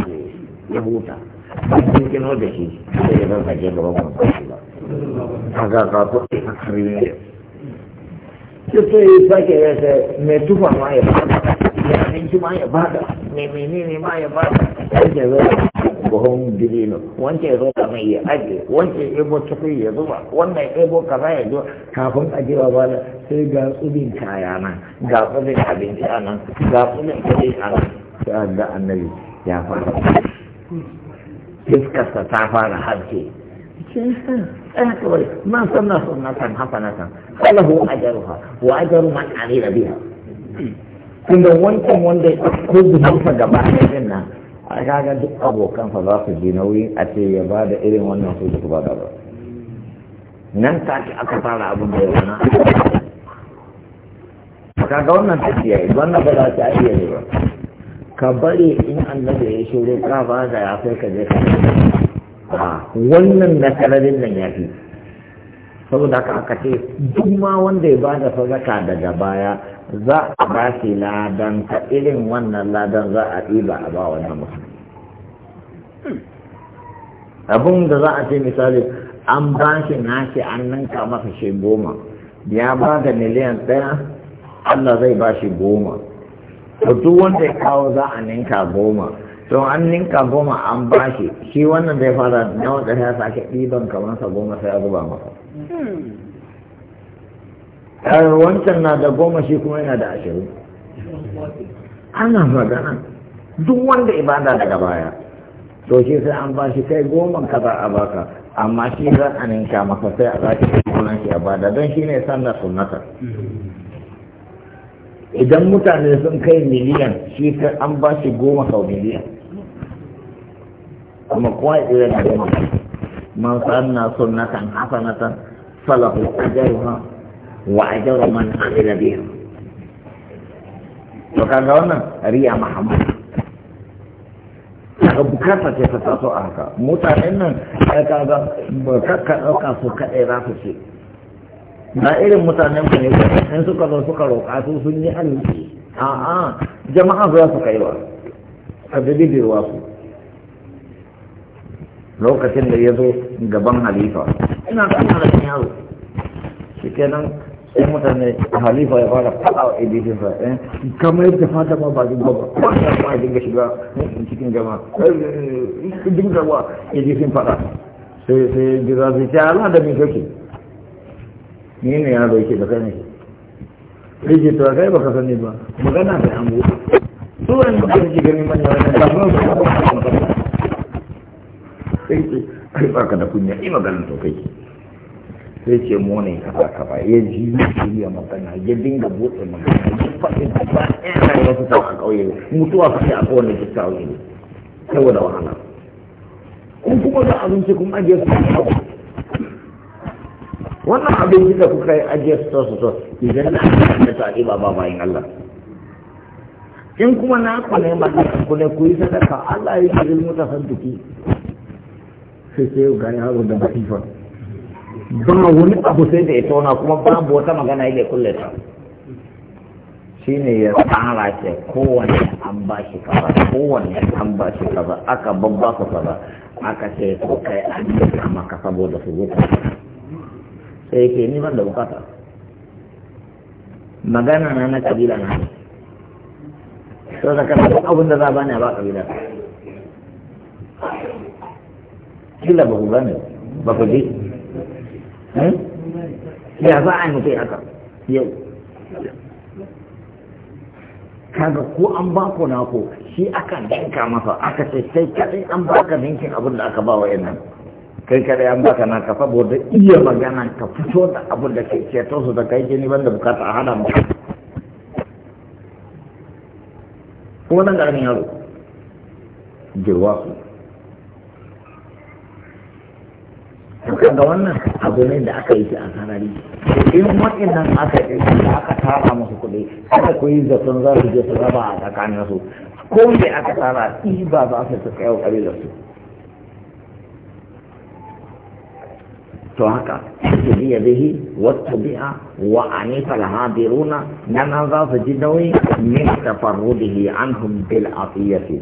Speaker 1: ya huta ba cikin da shi sai ya zarfaje gaban kwanci Ka ka kuɗi a kariyar ta ce yi sake ya ce mai tufa ma ya bada mai abinci ma ya bada mai menene ma ya bada wance zo da buhun dilino wance zo da mai ya aje wance ebo tukui ya zuba wannan ebo kaza ya zo kafin ajewa ba da sai ga tsubin kaya nan ga tsubin abinci a nan ga tsubin kuɗi a nan sai da annabi ya fara fiskarsa ta fara haske san eh kawai man sanna sunnatan hasanatan a ajruha wa a ajru man amila biha tunda wancan wanda ya ko zuwa gaba a ɗayan nan a kaga duk abokan fa za su ji nauyi a ce ya ba da irin wannan su da su ba da ba nan ta ce aka fara abin da ya zana kaga wannan ta tafiya wannan ba za ta iya ne ba ka bari in annabi ya shiro ka ba da ya kai ka je ka wannan na kararin nan ya fi saboda haka aka ce duk ma wanda ya bada sadaka daga baya za a ba shi ladan ta irin wannan ladan za a ɗiba a ba wannan musulmi abin da za a ce misali an ba shi nashi an ninka masa shi goma ya ba da miliyan ɗaya Allah zai ba shi goma to duk wanda ya kawo za a ninka goma to an ninka goma an ba shi wannan zai fara na wata ya sake ɗiban kamar sa goma sai ya zuba maka. Hmm. wancan na da goma shi kuma yana da ashirin ana magana duk wanda ibada daga baya to shi sai an bashi kai goma ka za a baka amma shi za a ninka maka sai a zaki sunan shi a bada don shi ne sannan sunnata idan mutane sun kai miliyan shi sai an bashi goma sau miliyan kuma kowa ya tsira da gani man sanna sunnatan hasanatan falahu ajruha wa ajru man amila biha to kaga wannan riya muhammad ka bukata ce ta taso a haka mutanen nan ya kaga ba kakka ɗauka su kaɗai za su ce ba irin mutanen ku ne in suka zo suka roƙa su sun yi arziki a'a jama'a za su kai wa a dalilin su lokacin da ya zo gaban halifa ina da ana da yaro shi kenan sai mutane halifa ya fara faɗa wa idris sa eh kamar yadda fata ba ba dinga ba wanda ba dinga shiga cikin gama
Speaker 2: eh, eh,
Speaker 1: dinga wa idris faɗa sai sai jira sai ta ala da me ke ni ne yaro yake da kai ne rigi to kai baka sani ba magana sai an buɗe su wani ba su ganin manya wani ba su sai ce ai baka da kunya yi maganin to kai sai ce mu ne kaza kaza ya ji ya magana ya dinga buɗe magana ya faɗi ba ɗaya rayuwar su ta a ƙauye mutuwa fa a kowane gista a ne saboda wahala kun kuma da abinci kun ajiye su wannan abinci da kuka yi ajiye su to su to idan na da ta ba ba bayan Allah in kuma na ku ne ba ku ne ku yi sadaka Allah ya yi ilmu ta santuki sai sai ga yaro da bakifa ba wani abu sai da ya tona kuma babu wata magana yake kulle ta shi ne ya tsara ce kowane an ba shi kaza kowane an ba shi kaza aka babba su kaza aka ce to kai an yi kama ka saboda su zuka sai ke ni ban da bukata magana na na kabila na ne sau da kana abin da za bani a ba kabila kila ba ku gane ba ku je eh? ya za a mutu haka yau kaga ko an ba ku na ku shi aka danka masa aka ce sai kadai an baka ninkin abin da aka ba wa yanan kai kadai an baka naka saboda iya magana ka fito da abin da ke ceto su da kai jini banda bukata a hada mu kuma nan garin yaro jirwa su kaga wannan abu ne da aka yi shi a sanari in waɗannan aka yi da aka tara musu kuɗi aka koyi zaton za su je su raba a tsakanin su ko me aka tara ba za su ta kai ƙari da su to haka tabiya bihi wa tabi'a wa anifa runa, na nan za su ji nauyi min tafarrudihi anhum bil afiyati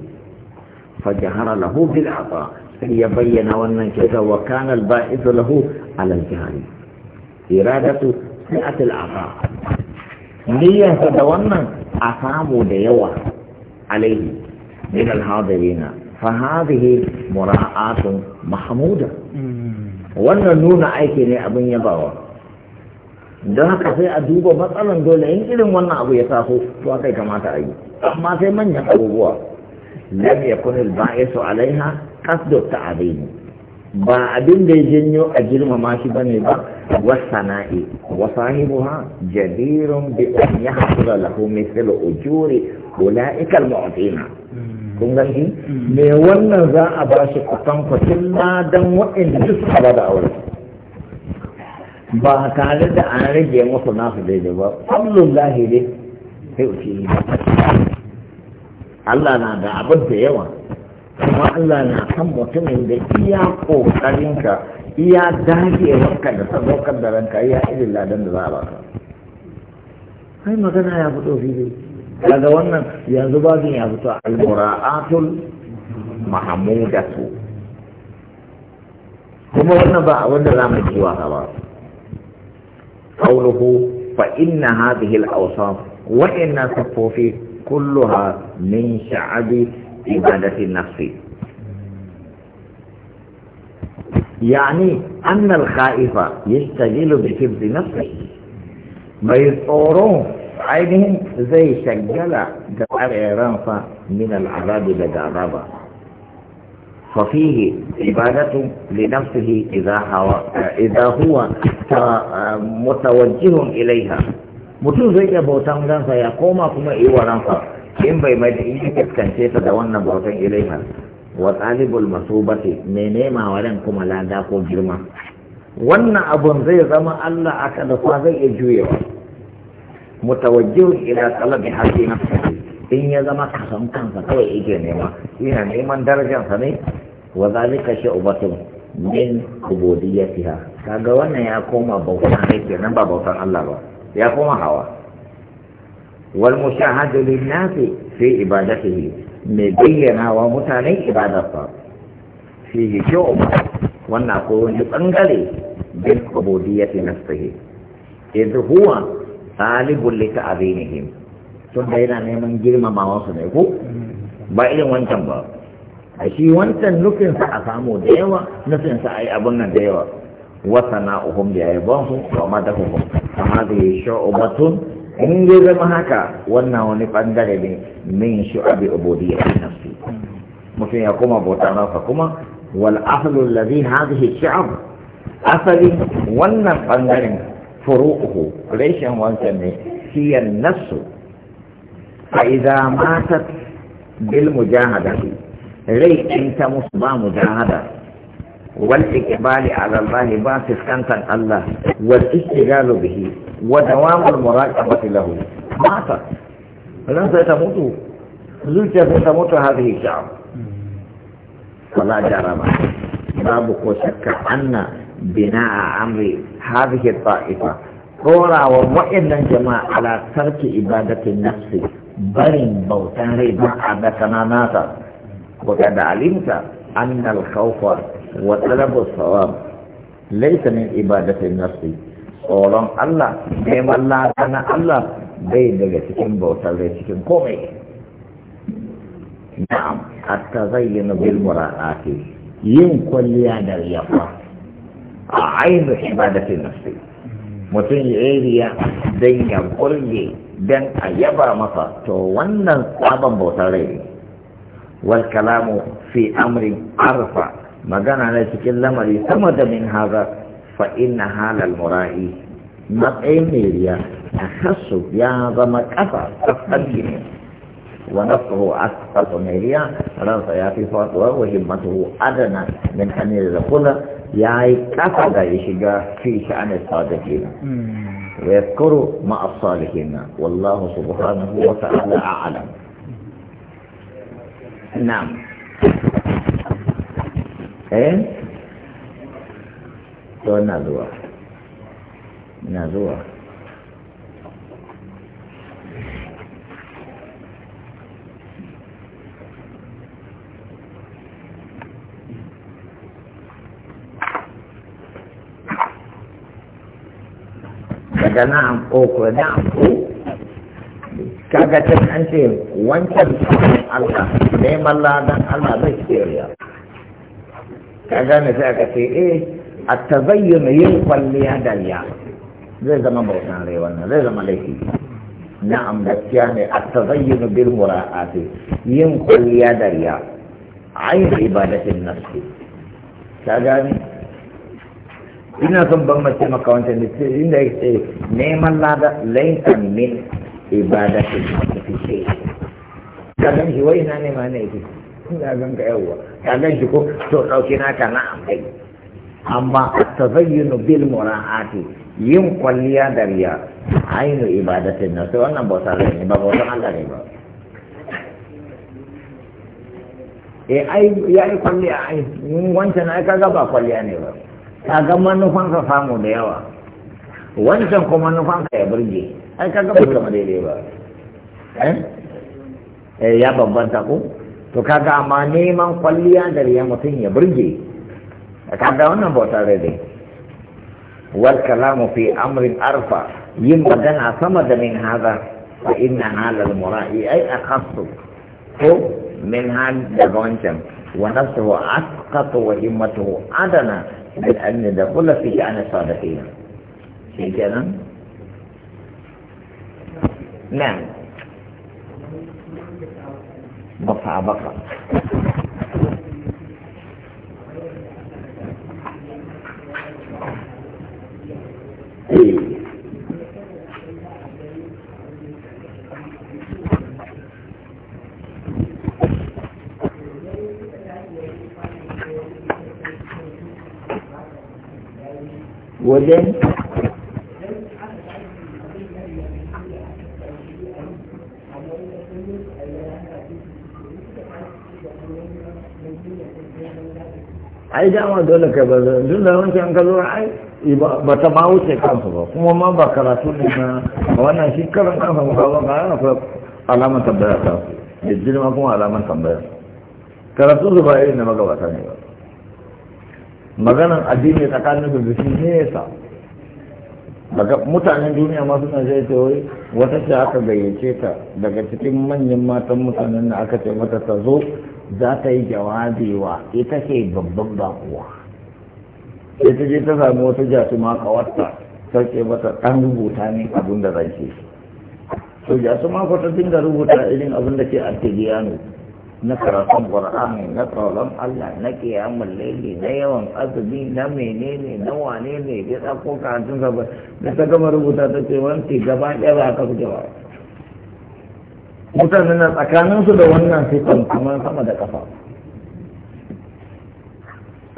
Speaker 1: fajahara lahu bil ata sai ya bayyana wannan kyauta wa kana al-ba'isu lahu ala al-jihari iradatu sa'at al-afa niyyarsa da wannan a samu da yawa alaihi min al-hadirina fa hadhihi mura'atun mahmuda wannan nuna aiki ne abin yabawa don haka sai a duba matsalan dole in irin wannan abu ya taso to akai kamata a yi amma sai manyan abubuwa lam yakun al-ba'isu alaiha ta ta'azim ba abin da ya janyo a girmama shi bane ba wasana'i wa sahibuha jadirun bi an yahsula lahu mithlu ujuri ulaika al-mu'tina kun gani me wannan za a ba shi kusan kwacin ladan waɗanda duk suka ba da aure ba tare da an rage musu nasu daidai ba kullum lahiri sai uci Allah na da abin da yawa kuma Allah na san mutumin da iya ƙoƙarinka iya dagewarka da sadaukar da ranka iya irin ladan da za a baka kai magana ya fito fili daga wannan yanzu babin ya fito al-mura'atul mahamudatu kuma wannan ba abin da za mu ji wasa ba qawluhu fa inna hadhihi al-awsaf wa inna safofi kulluha min sha'abi عبادة النفس يعني أن الخائف يشتغل بحفظ نفسه بيصوره عينهم زي شجلة دار إيرانفا من العذاب لجعذابا ففيه عبادة لنفسه إذا هو, إذا هو متوجه إليها متوجه zai iya كما ransa in bai mai in ya kaskance ta da wannan bautan ilaiha wa talibul masubati ne nema wadan kuma lada ko girma wannan abun zai zama Allah aka da zai iya juyewa mutawajjihun ila talabi haqqi nafsihi in ya zama kasan kansa kawai yake nema yana neman darajarsa ne wa zalika sha'batun min ubudiyatiha kaga wannan ya koma bautan ne kenan ba bautan Allah ba ya koma hawa والمشاهد للناس في عبادته مبينا ومتاني عبادته فيه شعب ونقول يتنقلي بالعبودية نفسه إذ هو طالب لتعظيمهم tun da yana neman girmamawa su ne ko ba irin wancan ba a shi wancan nufinsa a samu da yawa nufinsa a yi abin nan da yawa wasa na uhum da ya yi ban su wa madahum kama da ya sha ubatun in dai zama haka wannan wani bangare ne min shu'abi ubudiyya nafsi mutum ya koma bauta nafa kuma wal ahlu allazi hadhihi shi'ab asali wannan bangaren furu'uhu rashin wancan ne hiya nafsu fa idza matat bil mujahadati rai in ta musu ba mujahada wal iqbali ala Allah ba fiskantan Allah wal istigalu bihi wa dawamul muraqabati lahu mata ran sai ta mutu zuciya sai ta mutu hadhihi sha'ab fala jarama babu ko shakka anna bina'a amri hadhihi ta'ifa korawa wa'annan jama'a ala tarki ibadatin nafsi barin bautan rai ba a da kananata wa da alimta annal khawfa wa talabu sawab laysa min ibadati nafsi tsoron Allah neman lada na Allah bai daga cikin bautar rai cikin komai na'am hatta zayyana bil mura'ati yin kwalliya da riyafa a ainihin ibadatin nafsi mutum ya yi riya don ya kulle don a yaba masa to wannan tsaban bautar rai ne wal kalamu fi amrin مجانا لكن لما يتمد من هذا فإن هذا المرائي مطعي ميريا أخص يا عظم كفر أفضل ونفسه أسقط ميريا رضا يا في فاطوة وهمته أدنى من أن يدخل يا كفر يشجع في شأن الصادقين ويذكر مع الصالحين والله سبحانه وتعالى أعلم نعم eh to na zuwa na zuwa daga kaga can an ce wancan Allah neman ladan Allah zai ce ka gane sai aka ce eh a tazayyun yin kwalliya da ya zai zama bautan rai wannan zai zama laifi na amgaskiya ne a tazayyun bil mura'ati yin kwalliya da riya ayin ibadatin nafsi ka gane ina son ban mace maka wancan da inda ya ce neman lada laifin min ibadatin nafsi ka gane shi wai ina nema ne ina gan ka yawwa ka gan shi ko to na ta na amfai amma tazayyunu bil mura'ati yin kwalliya da riya ainu ibadatin na sai wannan bauta ne ba bautan Allah ne ba e ai ya yi kwalliya ai wancan ai kaga ba kwalliya ne ba kaga manufan ka samu da yawa wancan kuma manufan ka ya burge ai kaga ba kuma daidai ba eh? eh ya bambanta ko to kaga ma neman kwalliya da ya mutun ya burge kaga wannan bauta dai dai wal kalamu fi amrin arfa yin magana sama da min hada fa inna al mura'i ay akhassu ko min hal da gonjan wa nafsuhu asqatu wa himmatuhu adana bil an da kula fi ana sadiqina shi kenan na'am بقع بقع wajen ai dama dole ka ba duk da wancan ka zo ai ba ta ma wuce kansu ba kuma ma ba karatu ne na wannan shi karan kansa ba ba ba yana kuma alamar tambaya ta da ma kuma alamar tambaya karatu su ba irin na magabata ne ba maganan addini tsakanin da da shi nesa daga mutanen duniya ma suna zai ce wai wata ce aka gayyace ta daga cikin manyan matan mutanen da aka ce mata ta zo za ta yi jawabi wa ita ce babban bakuwa ita ce ta samu wata jasuma kawarta ta ce mata ɗan rubuta ne abin da zan ce So jasuma ko ta dinga rubuta irin abin da ke artibiyanu na karatun qur'ani na tsoron allah na kiyamun laili na yawan azumi na menene na wane ne ya ko karatun sabon da ta gama rubuta ta ce wanti gaba ɗaya ba ka fi jawabi mutanen na su da wannan sifan kamar sama da kafa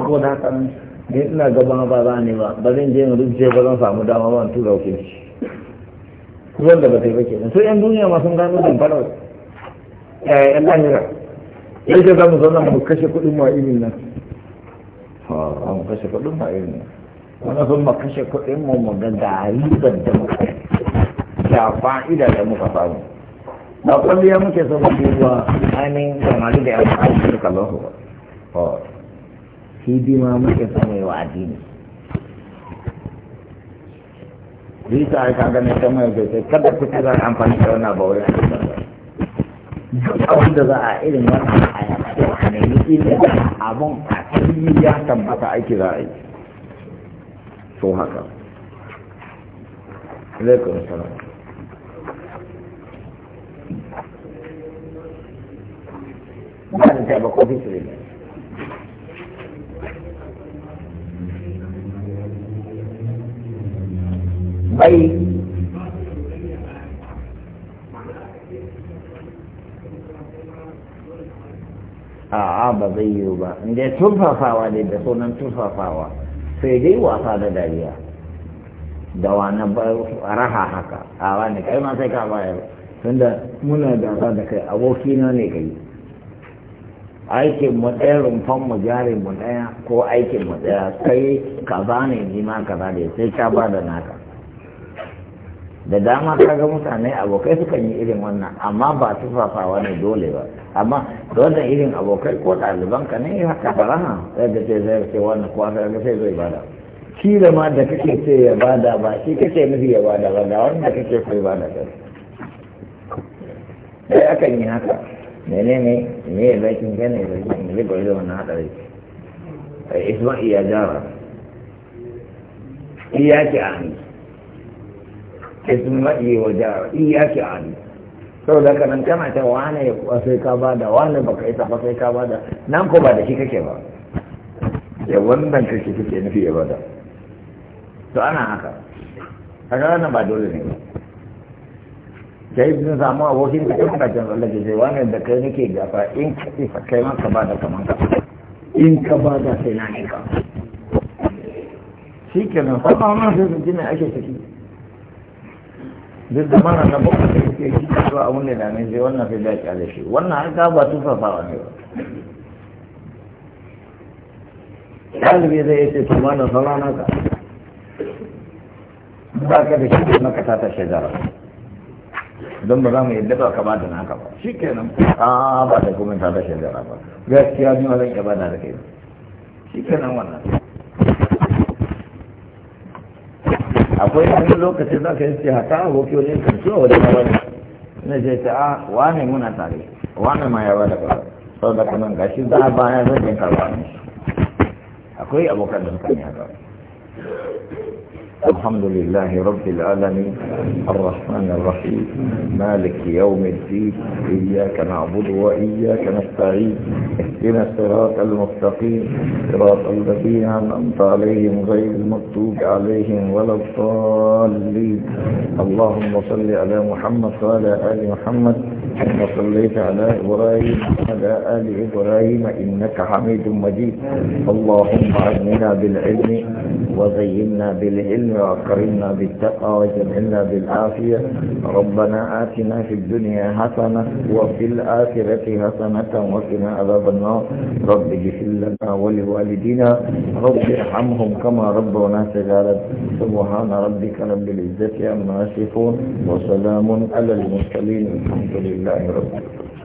Speaker 1: ko da kan ne ina gaba ba za ne ba ba zan je in rubuce ba zan samu dama ba tura ke wanda ba ta yi ba nan sai yan duniya ma sun gano da fara yan lahira ce za mu zauna mu kashe kuɗin ma irin nan ha mu kashe kuɗin ma irin nan wani sun ma kashe kuɗin mu mu ga gari da muka ya fa'ida da muka samu ba kwalliya muke saboda duba ainihin jamali da yawon aiki suka lafi ba hidima muke samu wa addini bisa aika ganin ta mai gaisa kada ku ci zan amfani da wannan ba wurin aiki ba duk abin da za a irin wannan a yaƙi a nemi ilimin abin a cikin ya tabbata aiki za a yi so haka zai salam. ba ta ba kofi su ne bai ba zai yiwu ba inda tufafawa ne da sunan tufafawa sai dai wasa da dariya da wani raha haka a wani kai ma sai ka bayar tunda muna gasa da kai abokina ne kai aikin mu ɗaya rumfan mu jari mu ɗaya ko aikin mu ɗaya kai kaza ne ni ma kaza zane sai ka ba da naka da dama kaga mutane abokai sukan yi irin wannan amma ba su tufafawa ne dole ba amma da irin abokai ko ɗaliban ka ne haka faraha sai da sai zai ce wannan ko haka sai zai bada shi da ma da kake ce ya bada ba shi kake nufi ya bada ba da wanda kake so ya bada kai sai akan yi haka mene ne me ya laifin gane da zai bari da wannan haɗari isma'i iya jara iyaki ani iya wa jara iyaki ani sau da kanan kana ta wane sai ka ba da wane baka isa ba sai ka ba da nan ko ba da shi kake ba ya wannan kake kake nufi ya ba da to ana haka haka wannan ba dole ne ba sai sun samu abokin da kan kajan Allah ke cewa ne da kai nake gafa in ka fa kai ma ka da kaman ka in ka bada sai na ne ka shi ke nan faɗa wannan sai sun ji ake ciki duk da mana na bakwai da ke yi kasuwa abin da na sai wannan sai da ya shi wannan har ka ba tufafawa ne ba ɗalibi zai ce to mana saurana ka ba ka da shi ne maka tata shajara don ba za mu yadda ba ka ba da naka ba shi kenan a ah, ba da kuma ta da shari'a ba gaskiya ni zan iya bada da kai shi kenan wannan akwai wani lokacin za ka yi ce hata aboki wani kan ciwo wajen ka bada ina ce ta a ah, wane muna tare wane ma ya bada ba sau da kanan gashi za a baya zan yi karɓa ne akwai abokan da suka ne haka الحمد لله رب العالمين الرحمن الرحيم مالك يوم الدين إياك نعبد وإياك نستعين اهدنا الصراط المستقيم صراط الذين أنعمت عليهم غير المكتوب عليهم ولا الضالين اللهم صل على محمد وعلى آل محمد اللهم صليت على إبراهيم وعلى آل إبراهيم إنك حميد مجيد اللهم أغننا بالعلم وزينا بالعلم وأكرمنا بالتقوى وجمعنا بالعافية ربنا آتنا في الدنيا حسنة وفي الآخرة حسنة وقنا عذاب النار رب اغفر لنا ولوالدينا رب ارحمهم كما ربونا صغارا سبحان ربك رب العزة عما يصفون وسلام على المرسلين الحمد لله لله رب العالمين